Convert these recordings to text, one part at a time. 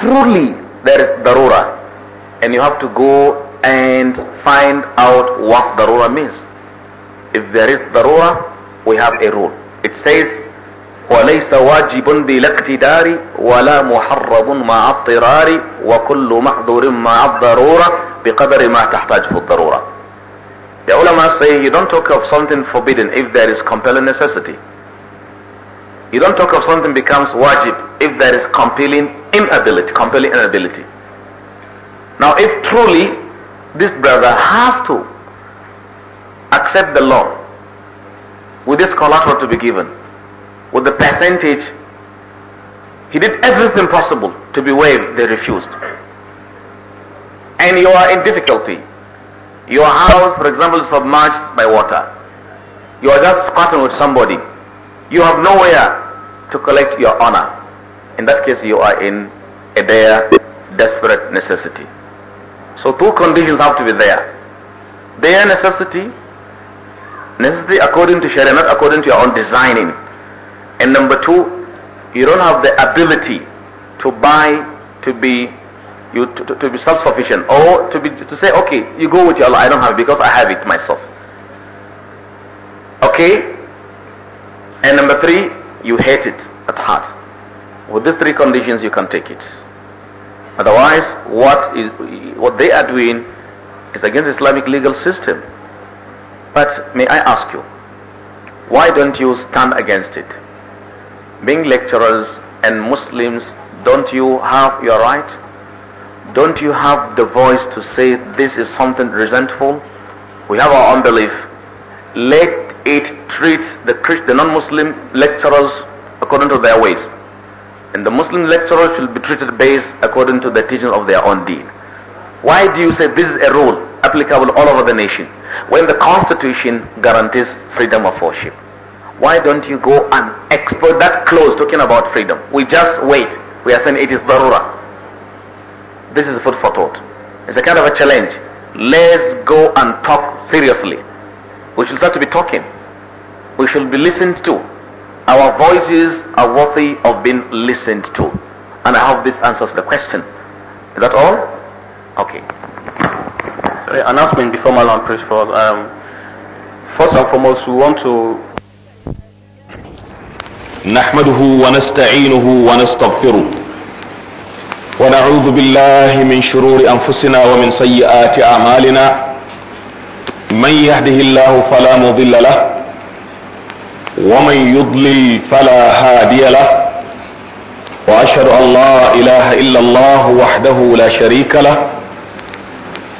truly there is darura and you have to go and find out what darura means if there is darura we have a rule it says وليس واجب بلا اقتدار ولا محرم مع اضطرار وكل محظور مع الضرورة بقدر ما تحتاجه darura." The ulama say you don't talk of something forbidden if there is compelling necessity. You don't talk of something becomes wajib if there is compelling inability, compelling inability. Now, if truly this brother has to accept the law with this collateral to be given, with the percentage, he did everything possible to be waived, they refused. And you are in difficulty. Your house, for example, is submerged by water. You are just squatting with somebody. You have nowhere to collect your honor in that case you are in a dire desperate necessity. So two conditions have to be there. dire necessity, necessity according to Sharia, not according to your own designing. And number two, you don't have the ability to buy, to be, you to, to, to be self-sufficient, or to be to say, okay, you go with your Allah, I don't have it because I have it myself. Okay. And number three, you hate it at heart. With these three conditions, you can take it. Otherwise, what, is, what they are doing is against the Islamic legal system. But may I ask you, why don't you stand against it? Being lecturers and Muslims, don't you have your right? Don't you have the voice to say this is something resentful? We have our unbelief. Let it treat the, the non-Muslim lecturers according to their ways. And the Muslim lecturer should be treated based according to the teachings of their own deen. Why do you say this is a rule applicable all over the nation when the constitution guarantees freedom of worship? Why don't you go and export that clause talking about freedom? We just wait. We are saying it is darura. This is food for thought. It's a kind of a challenge. Let's go and talk seriously. We should start to be talking. We should be listened to our voices are worthy of being listened to. And I hope this answers the question. Is that all? Okay. Sorry, announcement before my long praise for us. Um, first and foremost, we want to نحمده ونستعينه ونستغفره ونعوذ بالله من شرور انفسنا ومن سيئات اعمالنا من يهده الله فلا مضل له ومن يضلل فلا هادي له واشهد ان لا اله الا الله وحده لا شريك له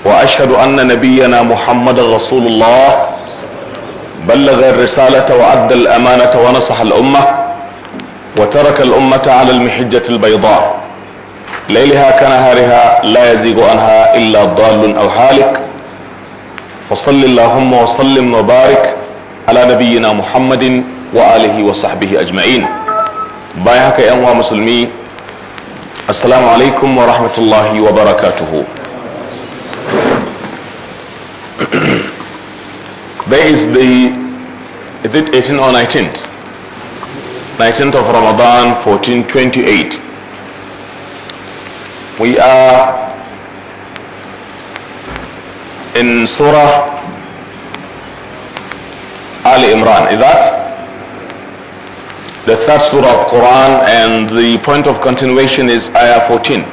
واشهد ان نبينا محمد رسول الله بلغ الرساله وادى الامانه ونصح الامه وترك الامه على المحجه البيضاء ليلها كنهارها لا يزيغ عنها الا ضال او هالك فصل اللهم وسلم وبارك على نبينا محمد وآله وصحبه أجمعين باي هكا يا مسلمي السلام عليكم ورحمة الله وبركاته There is the is it 18 or 19th? 19th of Ramadan 1428. We are in Surah ali Imran. Is that the third surah of Quran and the point of continuation is ayah 14.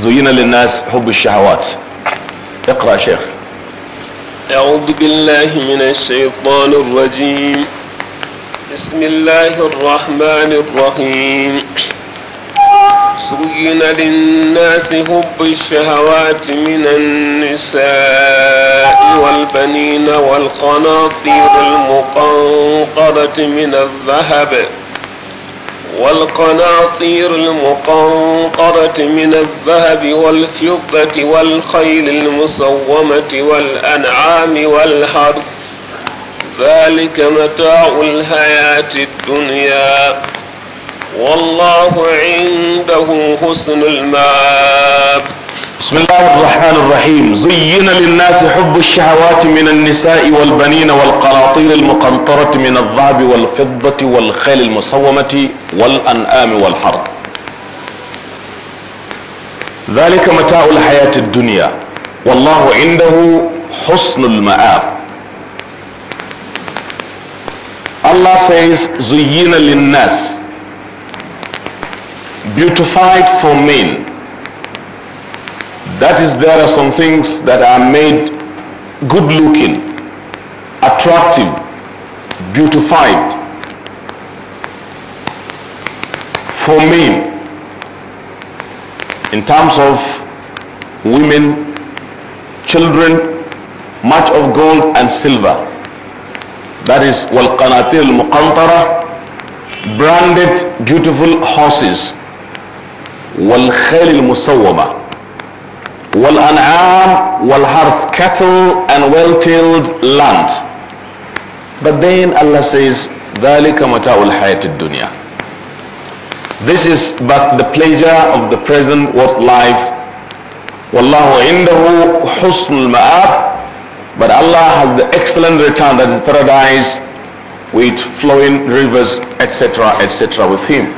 زين للناس حب الشهوات اقرأ شيخ أعوذ بالله من الشيطان الرجيم بسم الله الرحمن الرحيم زين للناس حب الشهوات من النساء والبنين والقناطير المقنطرة من الذهب والقناطير المقنطرة من الذهب والفضة والخيل المسومة والأنعام والحرث ذلك متاع الحياة الدنيا والله عنده حسن المآب بسم الله الرحمن الرحيم زين للناس حب الشهوات من النساء والبنين والقراطير المقنطرة من الذهب والفضة والخيل المصومة والأنعام والحرب ذلك متاع الحياة الدنيا والله عنده حسن المآب الله says زين للناس you to fight for men. That is, there are some things that are made good looking, attractive, beautified for men in terms of women, children, much of gold and silver. That is, والقناطير muqantara, branded beautiful horses والخيل المسومة والأنعام والحرث cattle and well-tilled land but then Allah says ذلك متاع الحياة الدنيا this is but the pleasure of the present world life والله عنده حسن المآب but Allah has the excellent return that is paradise with flowing rivers etc etc with him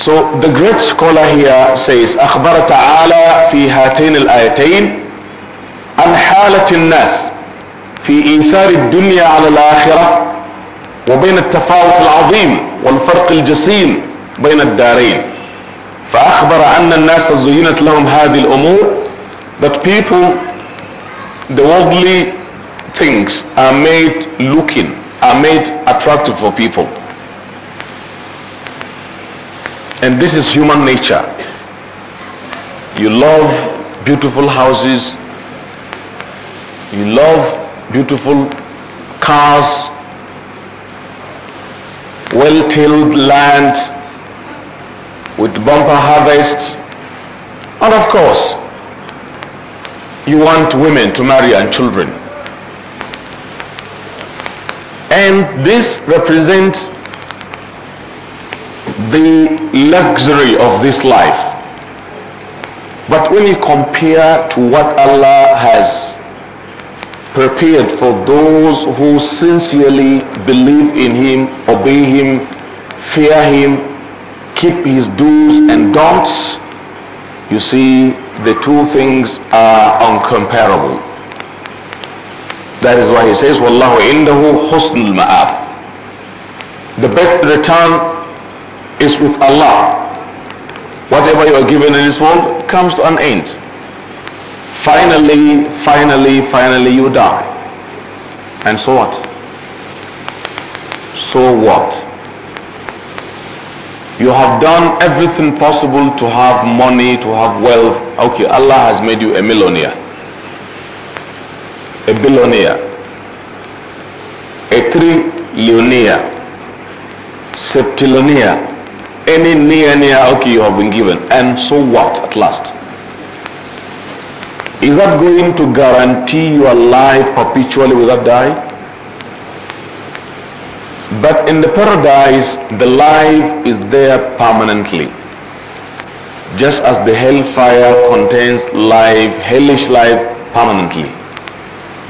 So the great scholar here says أخبر تعالى في هاتين الآيتين عن حالة الناس في إيثار الدنيا على الآخرة وبين التفاوت العظيم والفرق الجسيم بين الدارين فأخبر أن الناس زينت لهم هذه الأمور that people the worldly things are made looking are made attractive for people And this is human nature. You love beautiful houses, you love beautiful cars, well-tilled land with bumper harvests, and of course, you want women to marry and children. And this represents the luxury of this life. But when you compare to what Allah has prepared for those who sincerely believe in Him, obey Him, fear Him, keep His do's and don'ts, you see, the two things are uncomparable. That is why He says, Wallahu indahu husnul ma'ab. The best return is with Allah. Whatever you are given in this world comes to an end. Finally, finally, finally you die. And so what? So what? You have done everything possible to have money, to have wealth. Okay, Allah has made you a millionaire, a billionaire, a trillionaire, septillionaire, any near near, okay, you have been given. And so what at last? Is that going to guarantee your life perpetually without dying? But in the paradise, the life is there permanently. Just as the hellfire contains life, hellish life, permanently.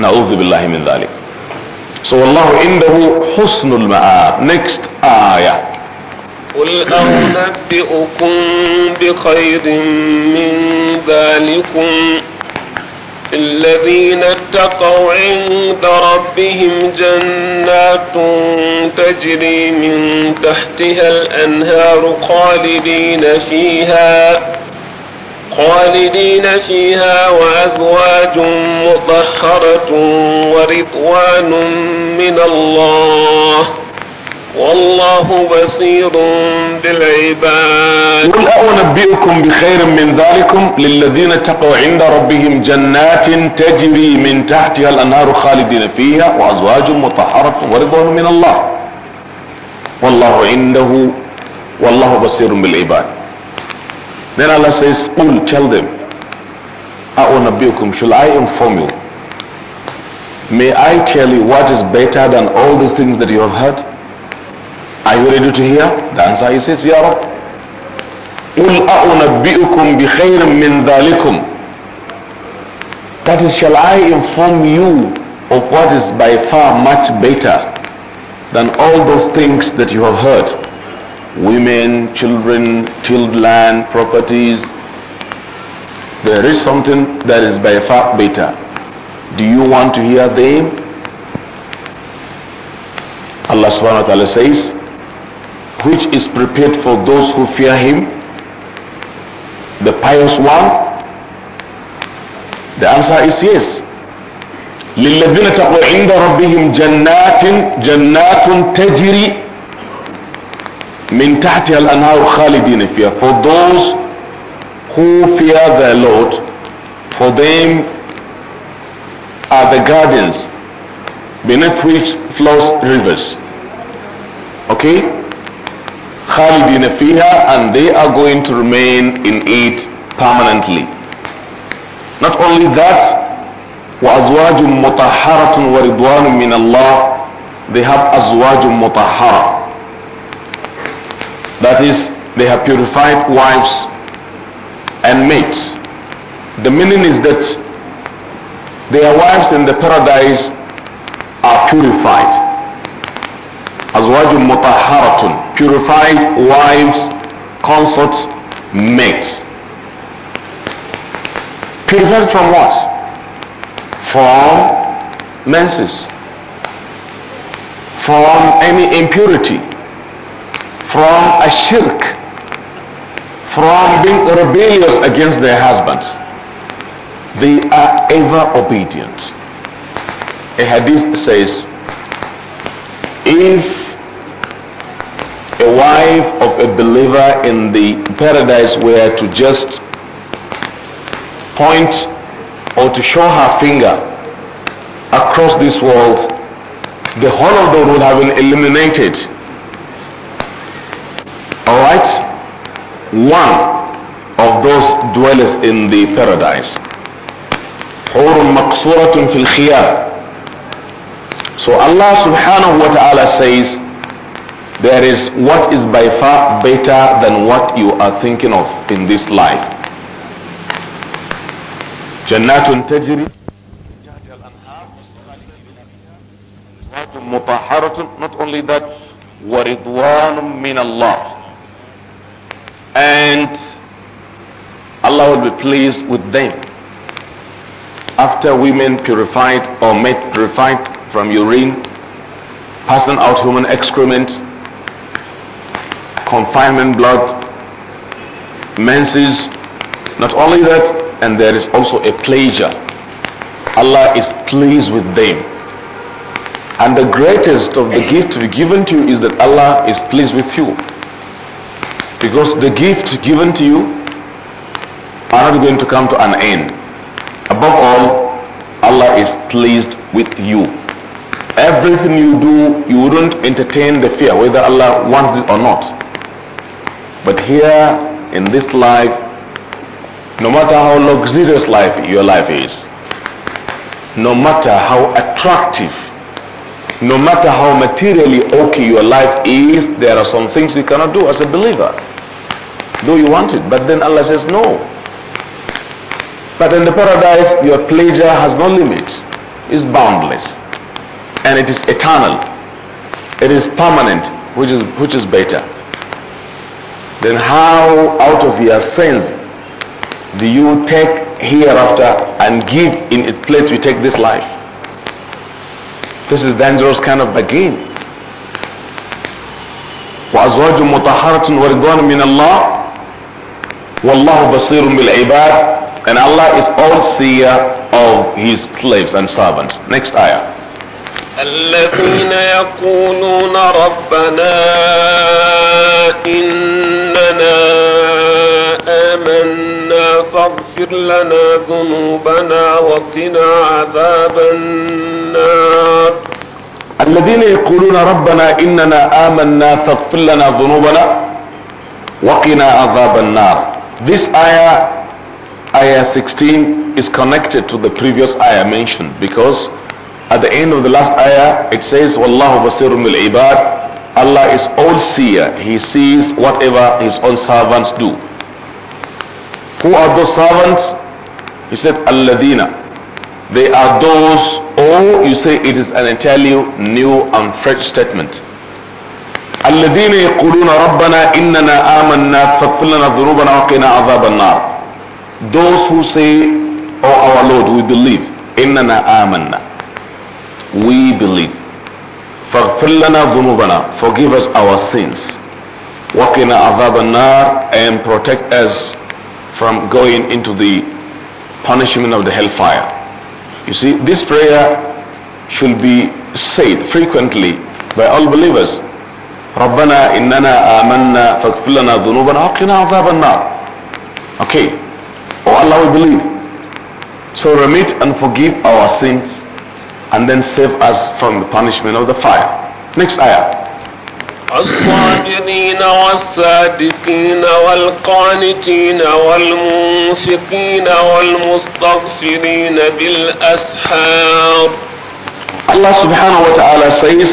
Na'udhu billahi min dhalik. So Allah indahu husnul ma'ab. Next ayah. قل أنبئكم بخير من ذلكم الذين اتقوا عند ربهم جنات تجري من تحتها الأنهار خالدين فيها خالدين فيها وأزواج مطهرة ورضوان من الله والله بصير بالعباد قل أنبئكم بخير من ذلكم للذين اتقوا عند ربهم جنات تجري من تحتها الأنهار خالدين فيها وأزواج مطهرة ورضوان من الله والله عنده والله بصير بالعباد Then Allah says, قل tell them أنبئكم shall I inform you May I tell you what is better than all the things that you have heard? Are you ready to hear? The answer is yes, Ya Rab. قُلْ بِخَيْرٍ مِّن ذَلِكُمْ That is, shall I inform you of what is by far much better than all those things that you have heard? Women, children, tilled land, properties. There is something that is by far better. Do you want to hear them? Allah subhanahu wa ta'ala says, which is prepared for those who fear him? The pious one? The answer is yes. للذين تقوا عند ربهم جنات جنات تجري من تحتها الأنهار خالدين فيها. For those who fear their Lord, for them are the gardens beneath which flows rivers. Okay? khalidina fiha and they are going to remain in it permanently. Not only that, وَأَزْوَاجٌ مُطَهَّرَةٌ وَرِضْوَانٌ مِّنَ اللَّهِ They have أَزْوَاجٌ مُطَهَّرَةٌ That is, they have purified wives and mates. The meaning is that their wives in the paradise are purified. Azwajun mutahharatun, purified wives, consort, mates. Purified from what? From menses, from any impurity, from a shirk, from being rebellious against their husbands. They are ever obedient. A hadith says, if a wife of a believer in the paradise were to just point or to show her finger across this world, the whole of the world would have been eliminated. Alright? One of those dwellers in the paradise. So Allah subhanahu wa ta'ala says, there is what is by far better than what you are thinking of in this life. جنات تجري مُطَحَّرَةِ not only that ورضوان من الله and Allah will be pleased with them after women purified or made purified from urine passing out human excrement confinement blood, menses. Not only that, and there is also a pleasure. Allah is pleased with them. And the greatest of the gift given to you is that Allah is pleased with you. Because the gift given to you are not going to come to an end. Above all, Allah is pleased with you. Everything you do, you wouldn't entertain the fear whether Allah wants it or not. But here in this life, no matter how luxurious life your life is, no matter how attractive, no matter how materially okay your life is, there are some things you cannot do as a believer. Though you want it, but then Allah says no. But in the paradise, your pleasure has no limits. It's boundless. And it is eternal. It is permanent, which is, which is better then how out of your sense, do you take hereafter and give in its place you take this life? This is dangerous kind of bargain. وأزواج مطهرة ورضوان من الله والله بصير بالعباد and Allah is all seer of his slaves and servants. Next ayah. الذين يقولون ربنا إننا آمنا فاغفر لنا ذنوبنا وقنا عذاب النار الذين يقولون ربنا إننا آمنا فاغفر لنا ذنوبنا وقنا عذاب النار This ayah, ayah 16 is connected to the previous ayah mentioned because At the end of the last ayah, it says, Wallahu basirun ibad. Allah is all seer. He sees whatever his own servants do. Who are those servants? He said, Alladina. They are those, or you say it is an entirely new and fresh statement. الذين يقولون ربنا إننا آمنا فاغفر لنا ذنوبنا وقنا عذاب النار those who say oh our lord we believe إننا آمنا we believe. فاغفر لنا ذنوبنا forgive us our sins وقنا عذاب النار and protect us from going into the punishment of the hellfire you see this prayer should be said frequently by all believers ربنا إننا آمنا فاغفر لنا ذنوبنا وقنا عذاب النار okay oh Allah we believe so remit and forgive our sins and then save us from the punishment of the fire. Next ayah. الصادقين والصادقين والقانتين والمنفقين والمستغفرين بالأسحار الله سبحانه وتعالى says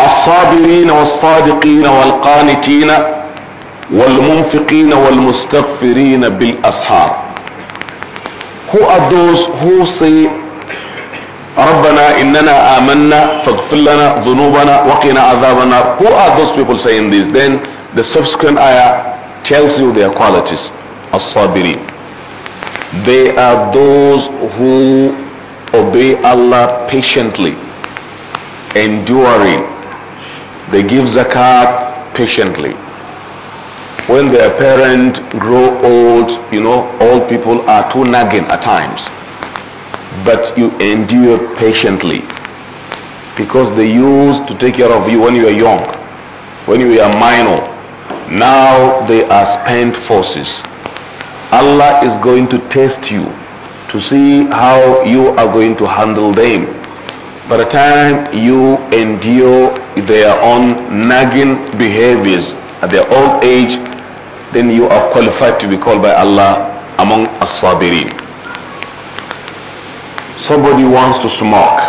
الصابرين والصادقين والقانتين والمنفقين والمستغفرين بالأسحار Who are those who say ربنا إننا آمنا فاغفر لنا ذنوبنا وقنا عذاب النار Who are those people saying this? Then the subsequent ayah tells you their qualities الصابرين They are those who obey Allah patiently enduring they give zakat patiently when their parents grow old you know old people are too nagging at times but you endure patiently because they used to take care of you when you were young, when you were minor. Now they are spent forces. Allah is going to test you to see how you are going to handle them. By the time you endure their own nagging behaviors at their old age, then you are qualified to be called by Allah among as-sabirin. Somebody wants to smoke.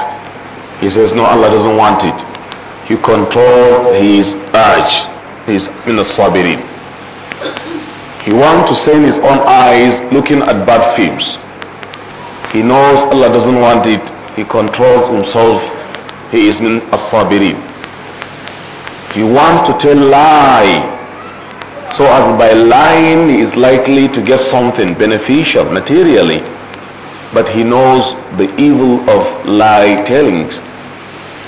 He says, no, Allah doesn't want it. You control his urge. his in the He wants to see in his own eyes looking at bad films. He knows Allah doesn't want it. He controls himself. He is in a sabiri. He wants to tell lie. So as by lying he is likely to get something beneficial materially but he knows the evil of lie tellings.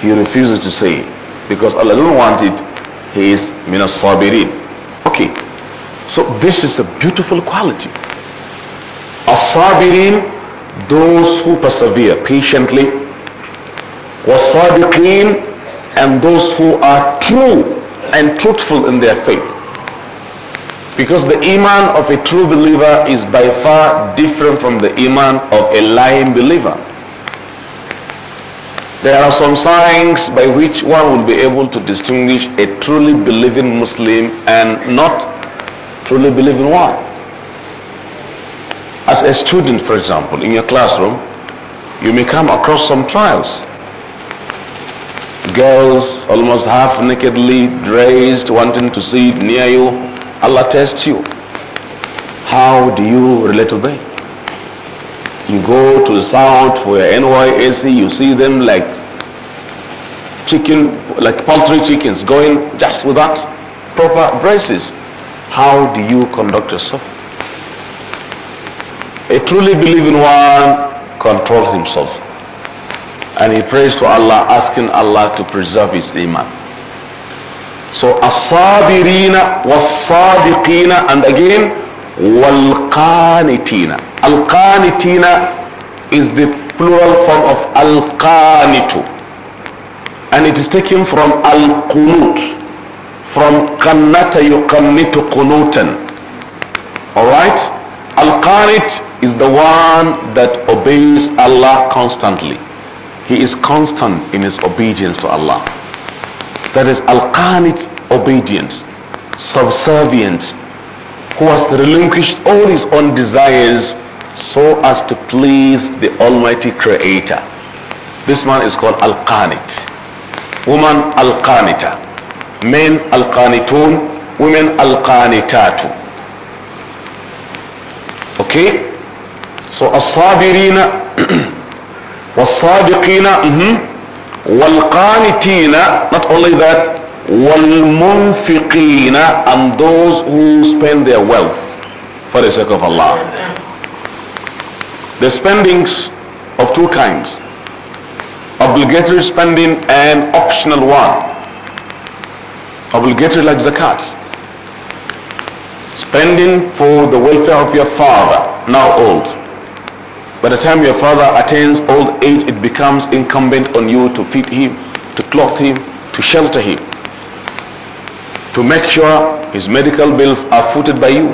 He refuses to say because Allah doesn't want it. He is min sabirin. Okay, so this is a beautiful quality. As-sabirin, those who persevere patiently. was and those who are true and truthful in their faith. Because the iman of a true believer is by far different from the iman of a lying believer. There are some signs by which one will be able to distinguish a truly believing Muslim and not truly believing one. As a student, for example, in your classroom, you may come across some trials. Girls almost half nakedly dressed, wanting to sit near you, Allah tests you. How do you relate to them? You go to the south for your NYAC, you see them like chicken, like poultry chickens going just without proper braces. How do you conduct yourself? A truly believing one controls himself. And he prays to Allah, asking Allah to preserve his iman. So as-sabirina was and again wal Alqanitina al is the plural form of al And it is taken from al-qunut. From qannata yuqannitu qunutan. Alright? Al-qanit is the one that obeys Allah constantly. He is constant in his obedience to Allah. That is Al-Qanit, obedience, subservient, who has relinquished all his own desires so as to please the Almighty Creator. This man is called Al-Qanit. Woman Al-Qanita. Men Al-Qanitun. Women Al-Qanitatu. Okay? So As-Sabirina. was Mm-hmm. Walqanitina, not only that, Walmunfiqina, and those who spend their wealth for the sake of Allah. The spendings of two kinds obligatory spending and optional one. Obligatory like zakat. Spending for the welfare of your father, now old by the time your father attains old age, it becomes incumbent on you to feed him, to clothe him, to shelter him, to make sure his medical bills are footed by you.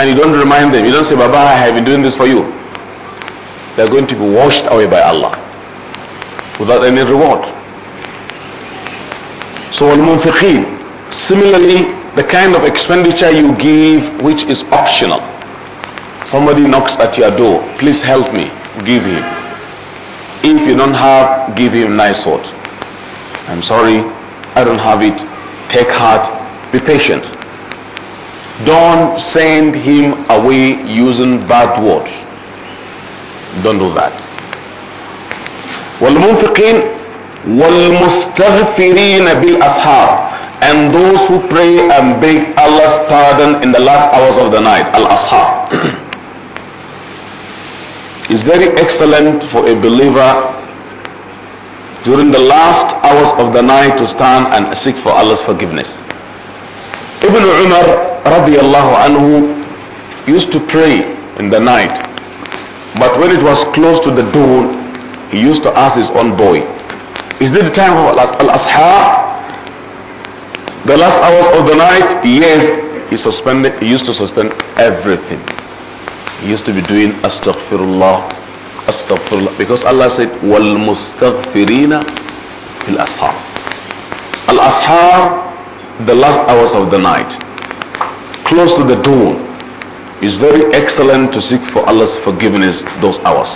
And you don't remind them, you don't say, Baba, I have been doing this for you. They're going to be washed away by Allah without any reward. So, al-munfiqeen, similarly, the kind of expenditure you give which is optional Somebody knocks at your door, please help me, give him. If you don't have, give him nice word. I'm sorry, I don't have it. Take heart, be patient. Don't send him away using bad words. Don't do that. والمنفقين والمستغفرين بالأسحار and those who pray and beg Allah's pardon in the last hours of the night. Al-Ashar. is very excellent for a believer during the last hours of the night to stand and seek for Allah's forgiveness. Ibn Umar radiallahu anhu used to pray in the night, but when it was close to the dawn, he used to ask his own boy, is it the time of Al-Ashar? The last hours of the night? Yes. He suspended, he used to suspend everything he used to be doing astaghfirullah, astaghfirullah. Because Allah said, wal mustaghfirina fil ashar. Al ashar, the last hours of the night, close to the dawn, is very excellent to seek for Allah's forgiveness those hours.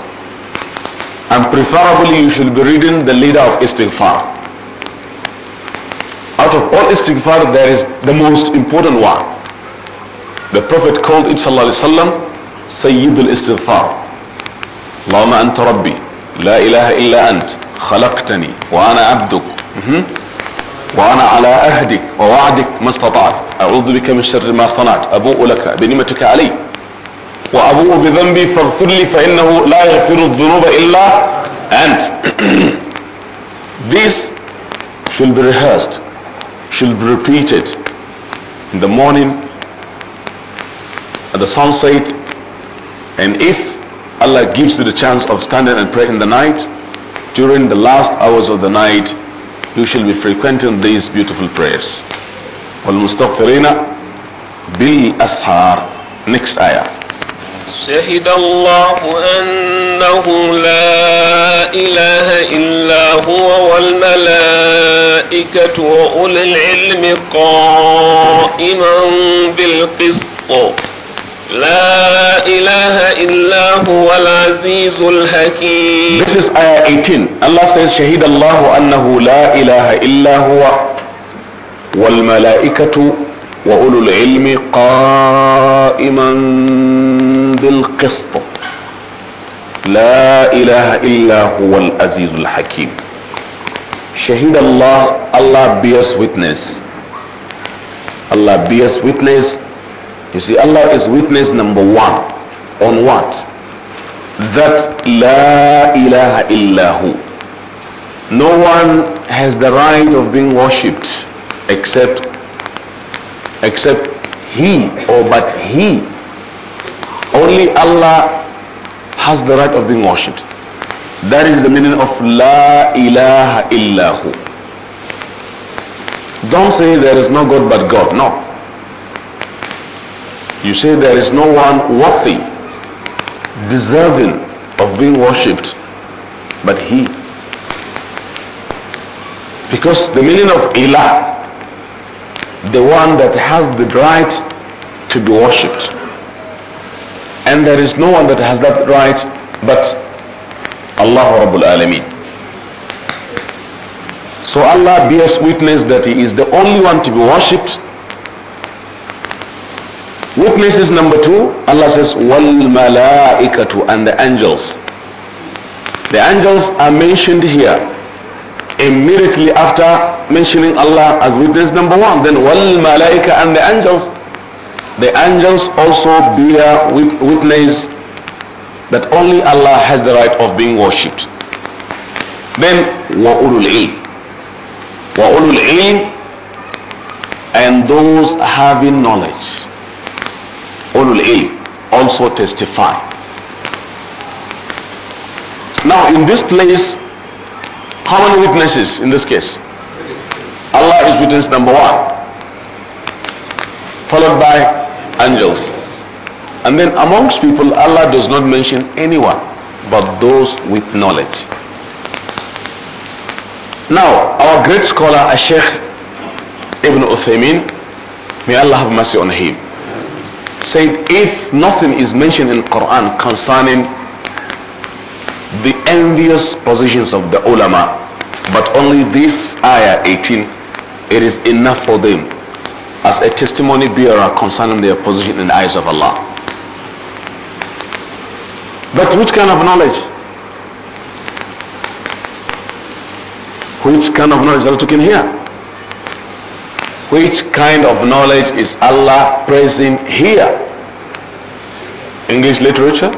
And preferably you should be reading the leader of istighfar. Out of all istighfar, there is the most important one. The Prophet called it Sallallahu Alaihi Wasallam سيد الاستغفار اللهم انت ربي لا اله الا انت خلقتني وانا عبدك وانا على عهدك ووعدك ما استطعت اعوذ بك من شر ما صنعت ابوء لك بنعمتك علي وابوء بذنبي فاغفر لي فانه لا يغفر الذنوب الا انت this should be rehearsed should be repeated in the morning at the sunset And if Allah gives you the chance of standing and praying in the night, during the last hours of the night, you shall be frequenting these beautiful prayers. والمستغفرين بالأسحار next ayah شهد الله أنه لا إله إلا هو والملائكة وأولي العلم قائما بالقسط لا إله إلا هو العزيز الحكيم This is ayah 18 Allah says شهيد الله أنه لا إله إلا هو والملائكة وأولو العلم قائما بالقسط لا إله إلا هو العزيز الحكيم شهيد الله Allah bears witness Allah bears witness You see, Allah is witness number one. On what? That La ilaha illahu. No one has the right of being worshipped except, except He or but He. Only Allah has the right of being worshipped. That is the meaning of La ilaha illahu. Don't say there is no God but God. No. You say there is no one worthy, deserving of being worshipped but He. Because the meaning of Ilah, the one that has the right to be worshipped. And there is no one that has that right but Allah Rabbul Alameen. So Allah bears witness that He is the only one to be worshipped Witnesses is number two? Allah says, Wal malaikatu and the angels. The angels are mentioned here immediately after mentioning Allah as witness number one. Then wal malaika and the angels. The angels also bear witness that only Allah has the right of being worshipped. Then wa ulul Wa ulul and those having knowledge ulul ilm also testify. Now in this place, how many witnesses in this case? Allah is witness number one, followed by angels. And then amongst people, Allah does not mention anyone but those with knowledge. Now, our great scholar, Sheikh Ibn Uthaymeen, may Allah have mercy on him said if nothing is mentioned in Quran concerning the envious positions of the ulama but only this ayah 18 it is enough for them as a testimony bearer concerning their position in the eyes of Allah but which kind of knowledge which kind of knowledge are we can hear which kind of knowledge is Allah present here? English literature,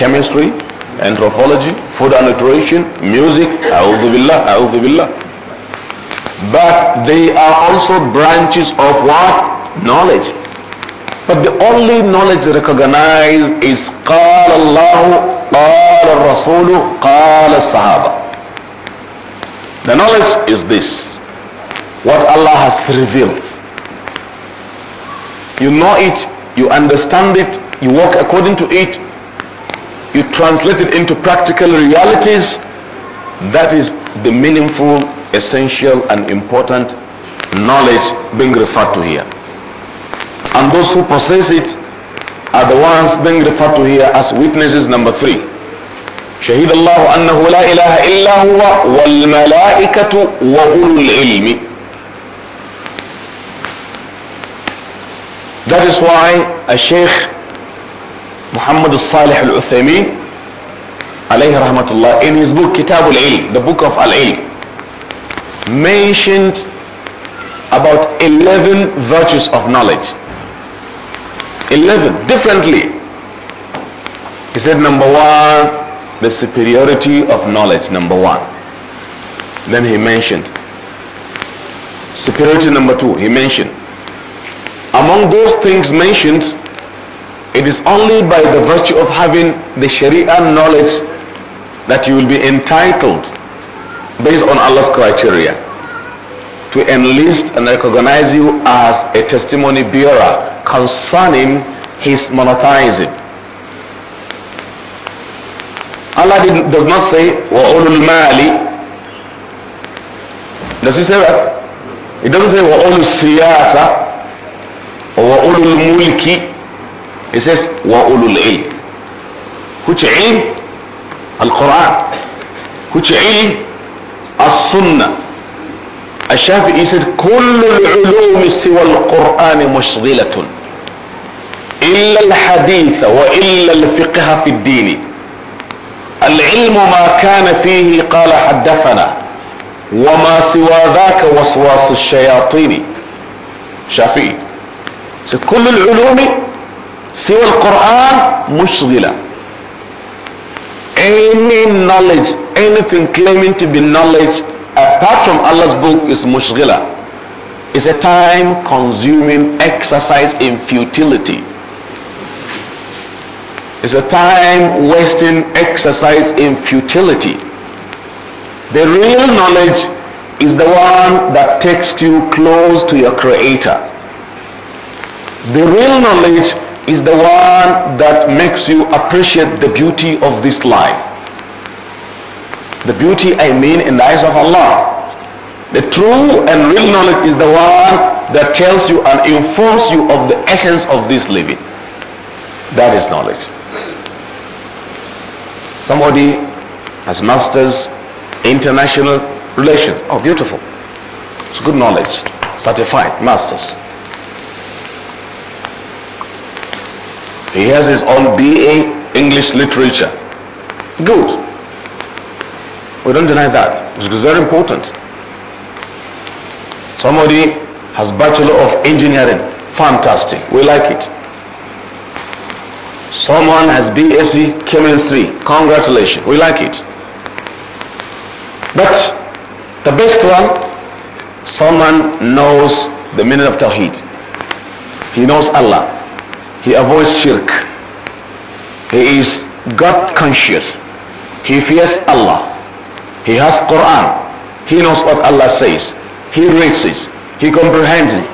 chemistry, anthropology, food and nutrition, music, a'udhu billah, a'udhu billah. But they are also branches of what? Knowledge. But the only knowledge recognized is قال الله قال الرسول قال الصحابة. The knowledge is this what Allah has revealed. You know it, you understand it, you walk according to it, you translate it into practical realities. That is the meaningful, essential, and important knowledge being referred to here. And those who possess it are the ones being referred to here as witnesses number three. شهد الله أنه لا إله إلا هو والملائكة وأولو العلم That is why a Sheikh Muhammad al-Salih al-Uthaymeen alayhi rahmatullah in his book Kitab al-Ilm, the book of al-Ilm mentioned about 11 virtues of knowledge. 11 differently. He said number one, the superiority of knowledge, number one. Then he mentioned. Superiority number two, he mentioned among those things mentioned, it is only by the virtue of having the Sharia knowledge that you will be entitled, based on Allah's criteria, to enlist and recognize you as a testimony bearer concerning his monotheism. Allah did, does not say وَأُولُو mali. Does he say that? It doesn't say وَأُولُو السِّيَاسَةِ وأولو الملك إساس وأولو العلم which علم القرآن which علم السنة الشافعي يقول كل العلوم سوى القرآن مشغلة إلا الحديث وإلا الفقه في الدين العلم ما كان فيه قال حدثنا وما سوى ذاك وسواس الشياطين شافعي so كل العلوم سوى القرآن مشغلة any knowledge anything claiming to be knowledge apart from Allah's book is mushghila it's a time consuming exercise in futility it's a time wasting exercise in futility the real knowledge is the one that takes you close to your creator the real knowledge is the one that makes you appreciate the beauty of this life. The beauty I mean in the eyes of Allah. The true and real knowledge is the one that tells you and informs you of the essence of this living. That is knowledge. Somebody has masters international relations. Oh, beautiful. It's good knowledge. Certified masters. He has his own BA English literature. Good. We don't deny that. It's very important. Somebody has Bachelor of Engineering. Fantastic. We like it. Someone has BSc Chemistry. Congratulations. We like it. But the best one, someone knows the meaning of Tawheed. He knows Allah. He avoids shirk. He is God conscious. He fears Allah. He has Quran. He knows what Allah says. He reads it. He comprehends it.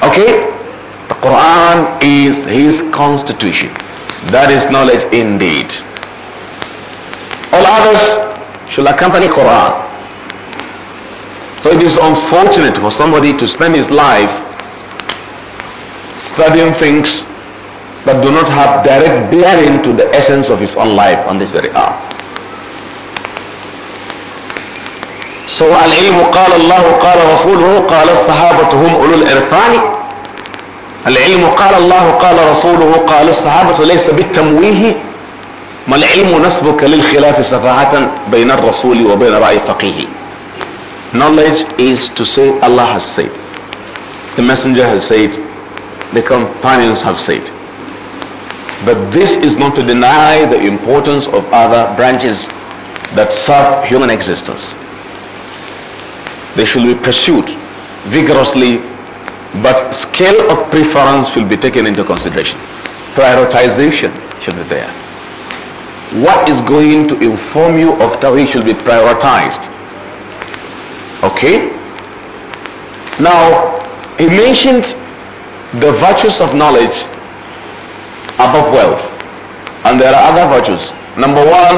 Okay? The Quran is his constitution. That is knowledge indeed. All others should accompany Quran. So it is unfortunate for somebody to spend his life studying things that do not have direct bearing to the essence of his own life on this very earth. So العلم قال الله قال رسوله قال الصحابة هم أولو الإرفان العلم قال الله قال رسوله قال الصحابة ليس بالتمويه ما العلم نسبك للخلاف سفاهة بين الرسول وبين رأي فقيه Knowledge is to say Allah has said. The messenger has said, the companions have said. But this is not to deny the importance of other branches that serve human existence. They should be pursued vigorously, but scale of preference will be taken into consideration. Prioritization should be there. What is going to inform you of Tawheed should be prioritized. Okay? Now, he mentioned the virtues of knowledge above wealth. And there are other virtues. Number one,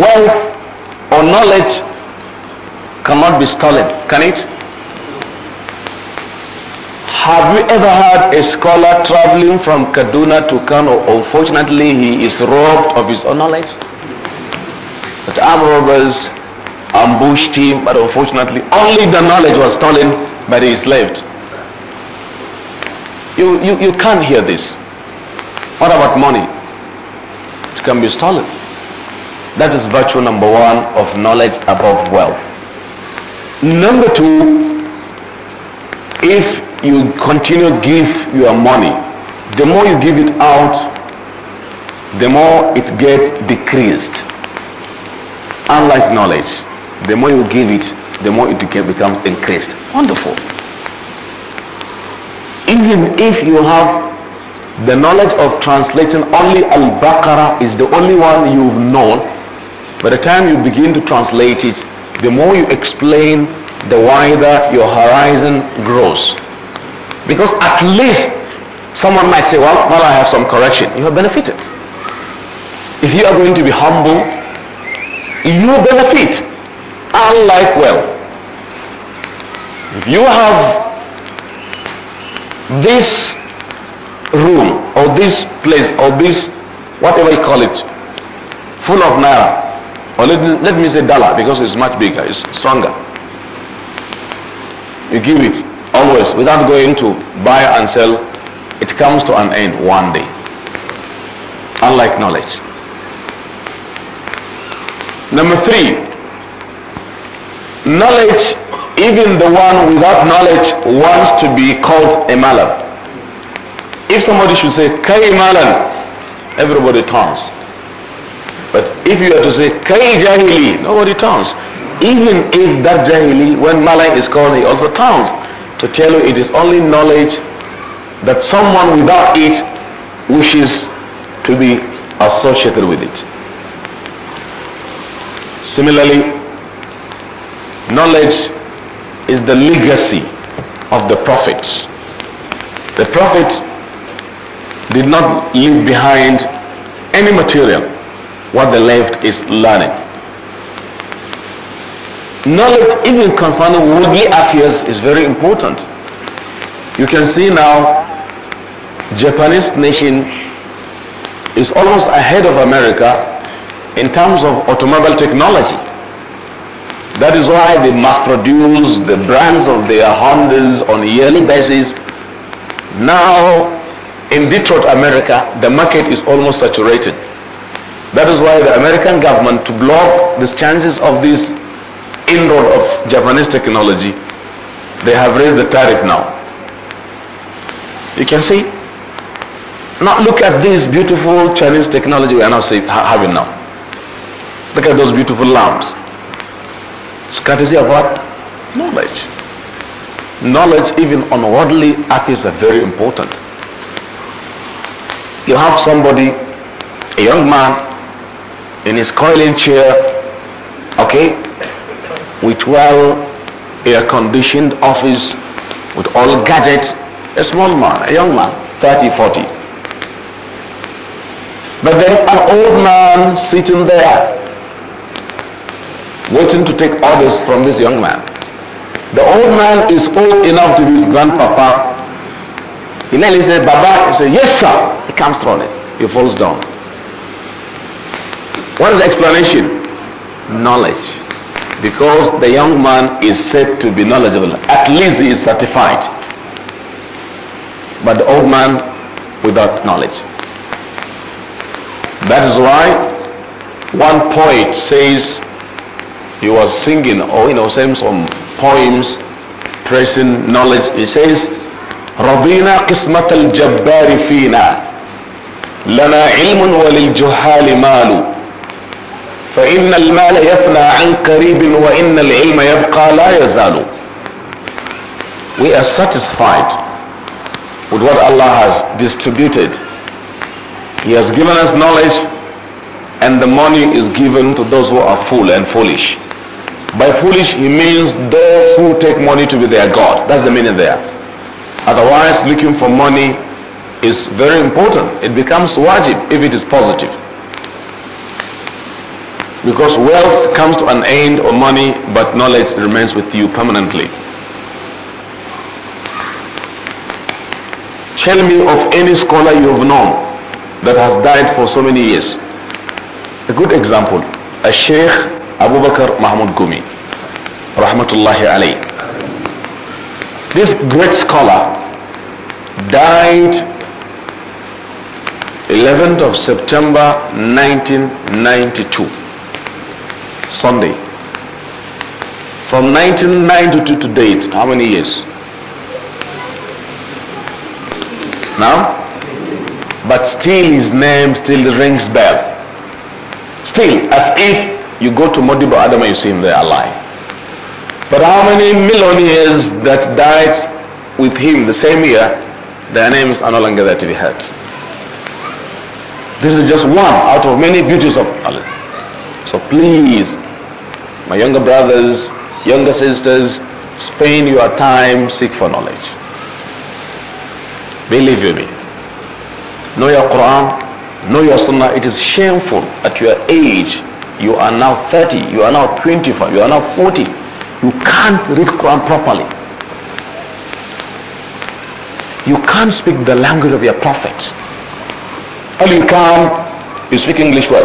wealth or knowledge cannot be stolen, can it? Have you ever had a scholar traveling from Kaduna to Kano? Unfortunately, he is robbed of his own knowledge. But armed robbers ambushed him, but unfortunately, only the knowledge was stolen, but he is left. You, you, you can't hear this. What about money? It can be stolen. That is virtue number one of knowledge above wealth. Number two, if you continue give your money, the more you give it out, the more it gets decreased. Unlike knowledge, the more you give it, the more it becomes increased. Wonderful even if you have the knowledge of translating only Al-Baqarah is the only one you've known. By the time you begin to translate it, the more you explain, the wider your horizon grows. Because at least someone might say, well, now well, I have some correction, you have benefited. If you are going to be humble, you benefit. life well. If you have this room or this place or this whatever you call it full of naira or let me, let me say dollar because it's much bigger it's stronger you give it always without going to buy and sell it comes to an end one day unlike knowledge number three knowledge even the one without knowledge wants to be called a malam. If somebody should say, Kay malam, everybody turns. But if you are to say, Kay jahili, nobody turns. Even if that jahili, when malam is called, he also turns to tell you it is only knowledge that someone without it wishes to be associated with it. Similarly, knowledge is the legacy of the prophets. The prophets did not leave behind any material. What they left is learning. Knowledge even concerning worldly affairs is very important. You can see now Japanese nation is almost ahead of America in terms of automobile technology. That is why they must produce the brands of their Hondas on a yearly basis. Now, in Detroit, America, the market is almost saturated. That is why the American government, to block the chances of this inroad of Japanese technology, they have raised the tariff now. You can see. Now look at this beautiful Chinese technology we are now having now. Look at those beautiful lamps. Scarcity of what? Knowledge. Knowledge even on worldly artists, are very important. You have somebody, a young man, in his coiling chair, okay, with well air-conditioned office, with all gadgets, a small man, a young man, 30, 40. But there is an old man sitting there waiting to take orders from this young man. The old man is old enough to be his grandpapa. He nearly said, Baba, he said, yes sir. He comes running. He falls down. What is the explanation? Knowledge. Because the young man is said to be knowledgeable. At least he is certified. But the old man without knowledge. That is why one poet says, he was singing or oh, you know saying some poems praising knowledge he says رضينا قسمة الجبار فينا لنا علم وللجهال مال فإن المال يفنى عن قريب وإن العلم يبقى لا يزال We are satisfied with what Allah has distributed. He has given us knowledge and the money is given to those who are fool and foolish. By foolish, he means those who take money to be their God. That's the meaning there. Otherwise, looking for money is very important. It becomes wajib if it is positive. Because wealth comes to an end or money, but knowledge remains with you permanently. Tell me of any scholar you have known that has died for so many years. A good example, a sheikh Abu Bakr Mahmud Gumi, rahmatullahi alayh. This great scholar died 11th of September 1992, Sunday. From 1992 to date, how many years? Now? But still his name still rings bell. Still, as if you go to Modibo Adama, you see him there alive. But how many millionaires that died with him the same year, their names are no longer there to be heard. This is just one out of many beauties of Allah. So please, my younger brothers, younger sisters, spend your time, seek for knowledge. Believe you me. Know your Quran, know your Sunnah. It is shameful at your age you are now 30, you are now 25, you are now 40. You can't read Quran properly. You can't speak the language of your prophets. And you can, you speak English well.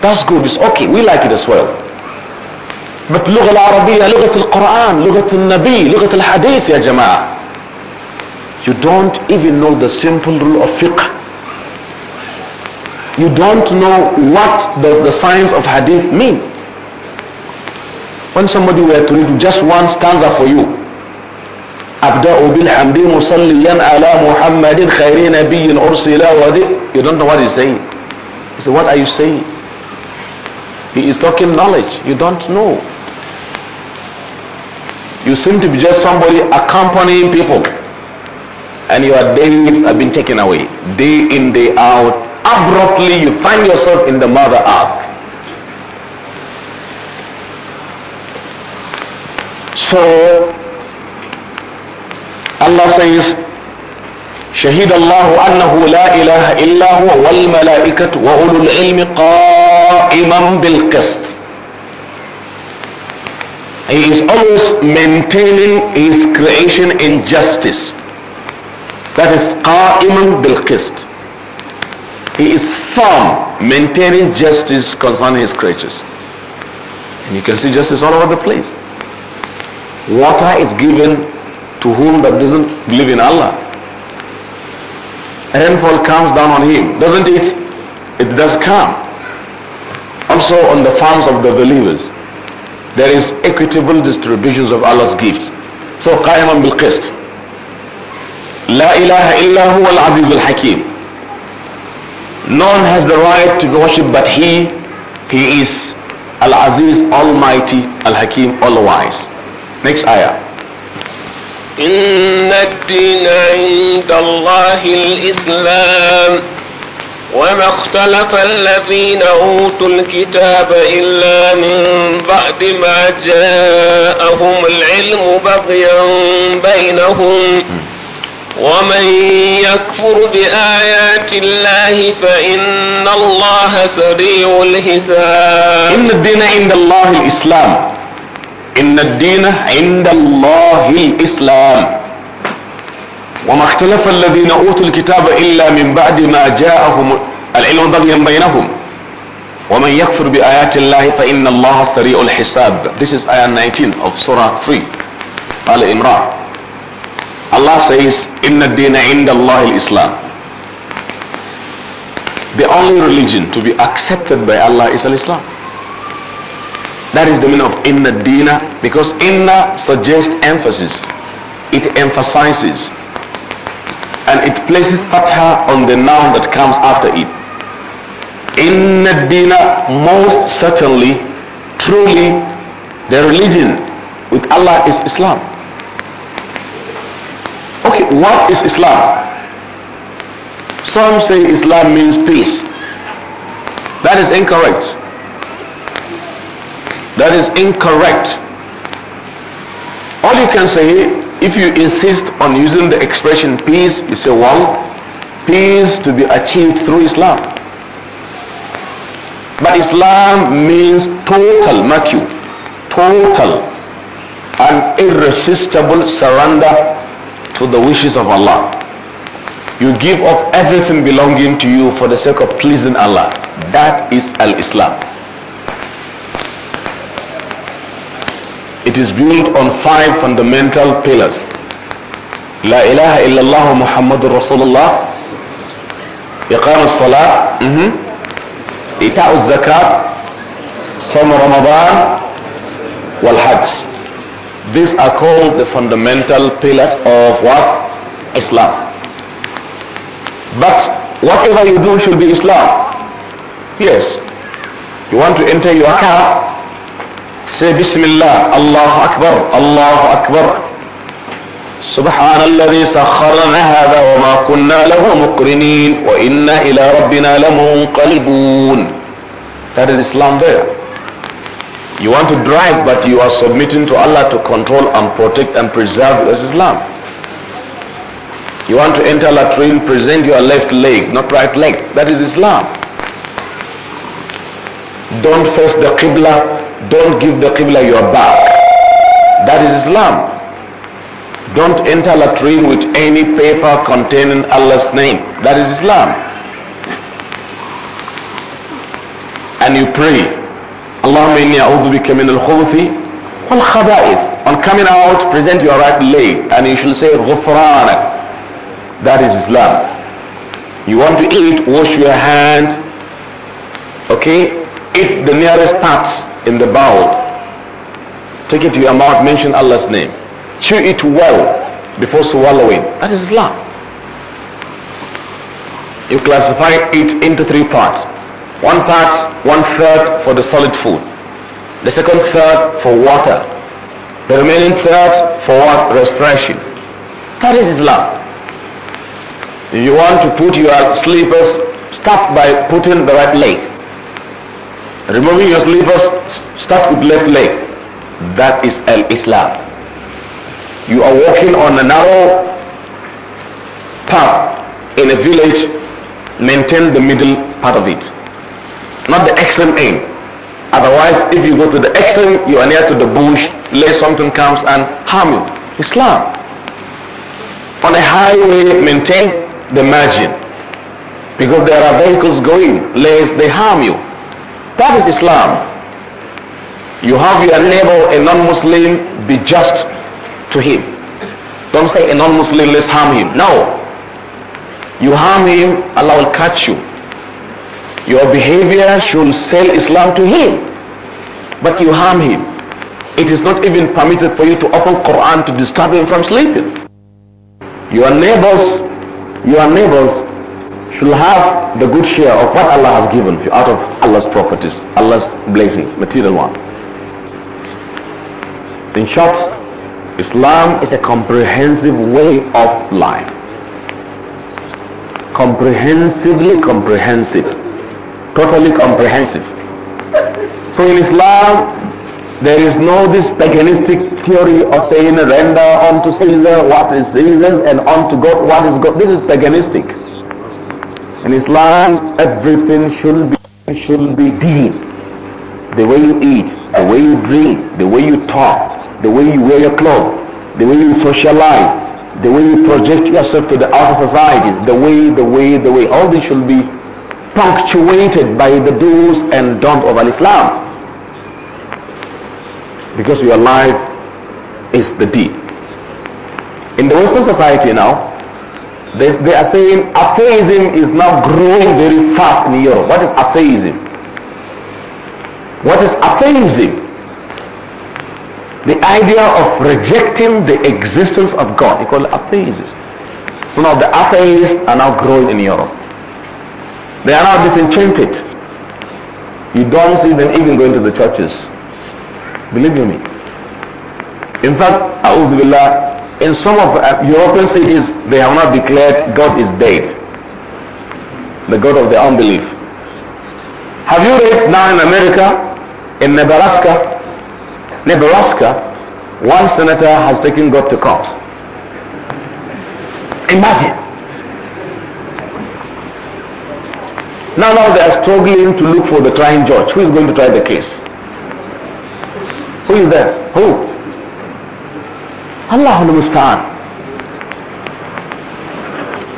That's good, it's okay, we like it as well. Quran. Look العربية لغة القرآن لغة النبي لغة الحديث يا جماعة you don't even know the simple rule of fiqh you don't know what the the signs of hadith mean. When somebody were to read just one stanza for you, أبدأ بالحمد مصليا على محمد خير نبي أرسل ودي You don't know what he's saying. He said, what are you saying? He is talking knowledge. You don't know. You seem to be just somebody accompanying people. And your days have been taken away. Day in, day out, abruptly you find yourself in the mother ark. So Allah says, شهد الله أنه لا إله إلا هو والملائكة وأولو العلم قائما بالقسط. He is always maintaining his creation in justice. That is قائما بالقسط. He is firm, maintaining justice concerning his creatures. And you can see justice all over the place. Water is given to whom that doesn't believe in Allah. Rainfall comes down on him, doesn't it? It does come. Also on the farms of the believers, there is equitable distributions of Allah's gifts. So قائما بالقسط. لا إله إلا هو العزيز الحكيم. None has the right to be worshipped but He. He is Al-Aziz, Almighty, Al-Hakim, All-Wise. Next ayah. إن الدين عند الله الإسلام وما اختلف الذين أوتوا الكتاب إلا من بعد ما جاءهم العلم بغيا بينهم hmm. ومن يكفر بآيات الله فإن الله سريع الحساب إن الدين عند الله الإسلام إن الدين عند الله الإسلام وما اختلف الذين أوتوا الكتاب إلا من بعد ما جاءهم العلم بغيا بينهم ومن يكفر بآيات الله فإن الله سريع الحساب This is ayah 19 of Surah 3 Al Imran Allah says Inna dina inda Allah Islam. The only religion to be accepted by Allah is Islam. That is the meaning of inna dina because inna suggests emphasis. It emphasizes and it places fatha on the noun that comes after it. Inna dina most certainly, truly, the religion with Allah is Islam. Okay, what is Islam? Some say Islam means peace. That is incorrect. That is incorrect. All you can say, if you insist on using the expression peace, you say, well, peace to be achieved through Islam. But Islam means total, mark you, total and irresistible surrender to the wishes of Allah. You give up everything belonging to you for the sake of pleasing Allah. That is Al-Islam. It is built on five fundamental pillars. La ilaha illallah Muhammadur Rasulullah. إقام الصلاة إيتاء الزكاة صوم رمضان والحج these are called the fundamental pillars of what? Islam. But whatever you do should be Islam. Yes. You want to enter your car? Say Bismillah, Allahu Akbar, Allahu Akbar. سبحان الذي سخرنا هذا وما كنا له مقرنين وإنا إلى ربنا لمنقلبون. That is Islam there. You want to drive, but you are submitting to Allah to control and protect and preserve as Islam. You want to enter latrine, present your left leg, not right leg. That is Islam. Don't face the Qibla. Don't give the Qibla your back. That is Islam. Don't enter latrine with any paper containing Allah's name. That is Islam. And you pray. Allahumma inni a'udhu bika min al-khubuthi On coming out, present your right leg and you shall say ghufranak. That is Islam. You want to eat, wash your hands. Okay? Eat the nearest parts in the bowl. Take it to your mouth, mention Allah's name. Chew it well before swallowing. That is Islam. You classify it into three parts. One part, one third for the solid food. The second third for water. The remaining third for what? Restoration. That is Islam. You want to put your slippers, start by putting the right leg. Removing your slippers, start with left leg. That is al-Islam. You are walking on a narrow path in a village, maintain the middle part of it not the extreme end. Otherwise, if you go to the extreme, you are near to the bush, lay something comes and harm you. Islam. On a highway, maintain the margin. Because there are vehicles going, lest they harm you. That is Islam. You have your neighbor, a non-Muslim, be just to him. Don't say a non-Muslim, let's harm him. No. You harm him, Allah will catch you. Your behavior should sell Islam to him. But you harm him. It is not even permitted for you to open Quran to disturb him from sleeping. Your neighbors, your neighbors should have the good share of what Allah has given you out of Allah's properties, Allah's blessings, material one. In short, Islam is a comprehensive way of life. Comprehensively comprehensive totally comprehensive. So in Islam, there is no this paganistic theory of saying render unto Caesar what is Caesar's and unto God what is God. This is paganistic. In Islam, everything should be should be deen. The way you eat, the way you drink, the way you talk, the way you wear your clothes, the way you socialize, the way you project yourself to the outer societies, the way, the way, the way. All this should be punctuated by the do's and don'ts of al-Islam. Because your life is the deed. In the Western society now, they, they are saying atheism is now growing very fast in Europe. What is atheism? What is atheism? The idea of rejecting the existence of God. You call it atheism. So now the atheists are now growing in Europe. They are now disenchanted. You don't see them even going to the churches. Believe me. In fact, in some of uh, European cities, they have not declared God is dead. The God of their unbelief. Have you read now in America, in Nebraska, Nebraska, one senator has taken God to court. Imagine. Now, now they are struggling to look for the trying judge. Who is going to try the case? Who is there? Who? Allah Musta'an.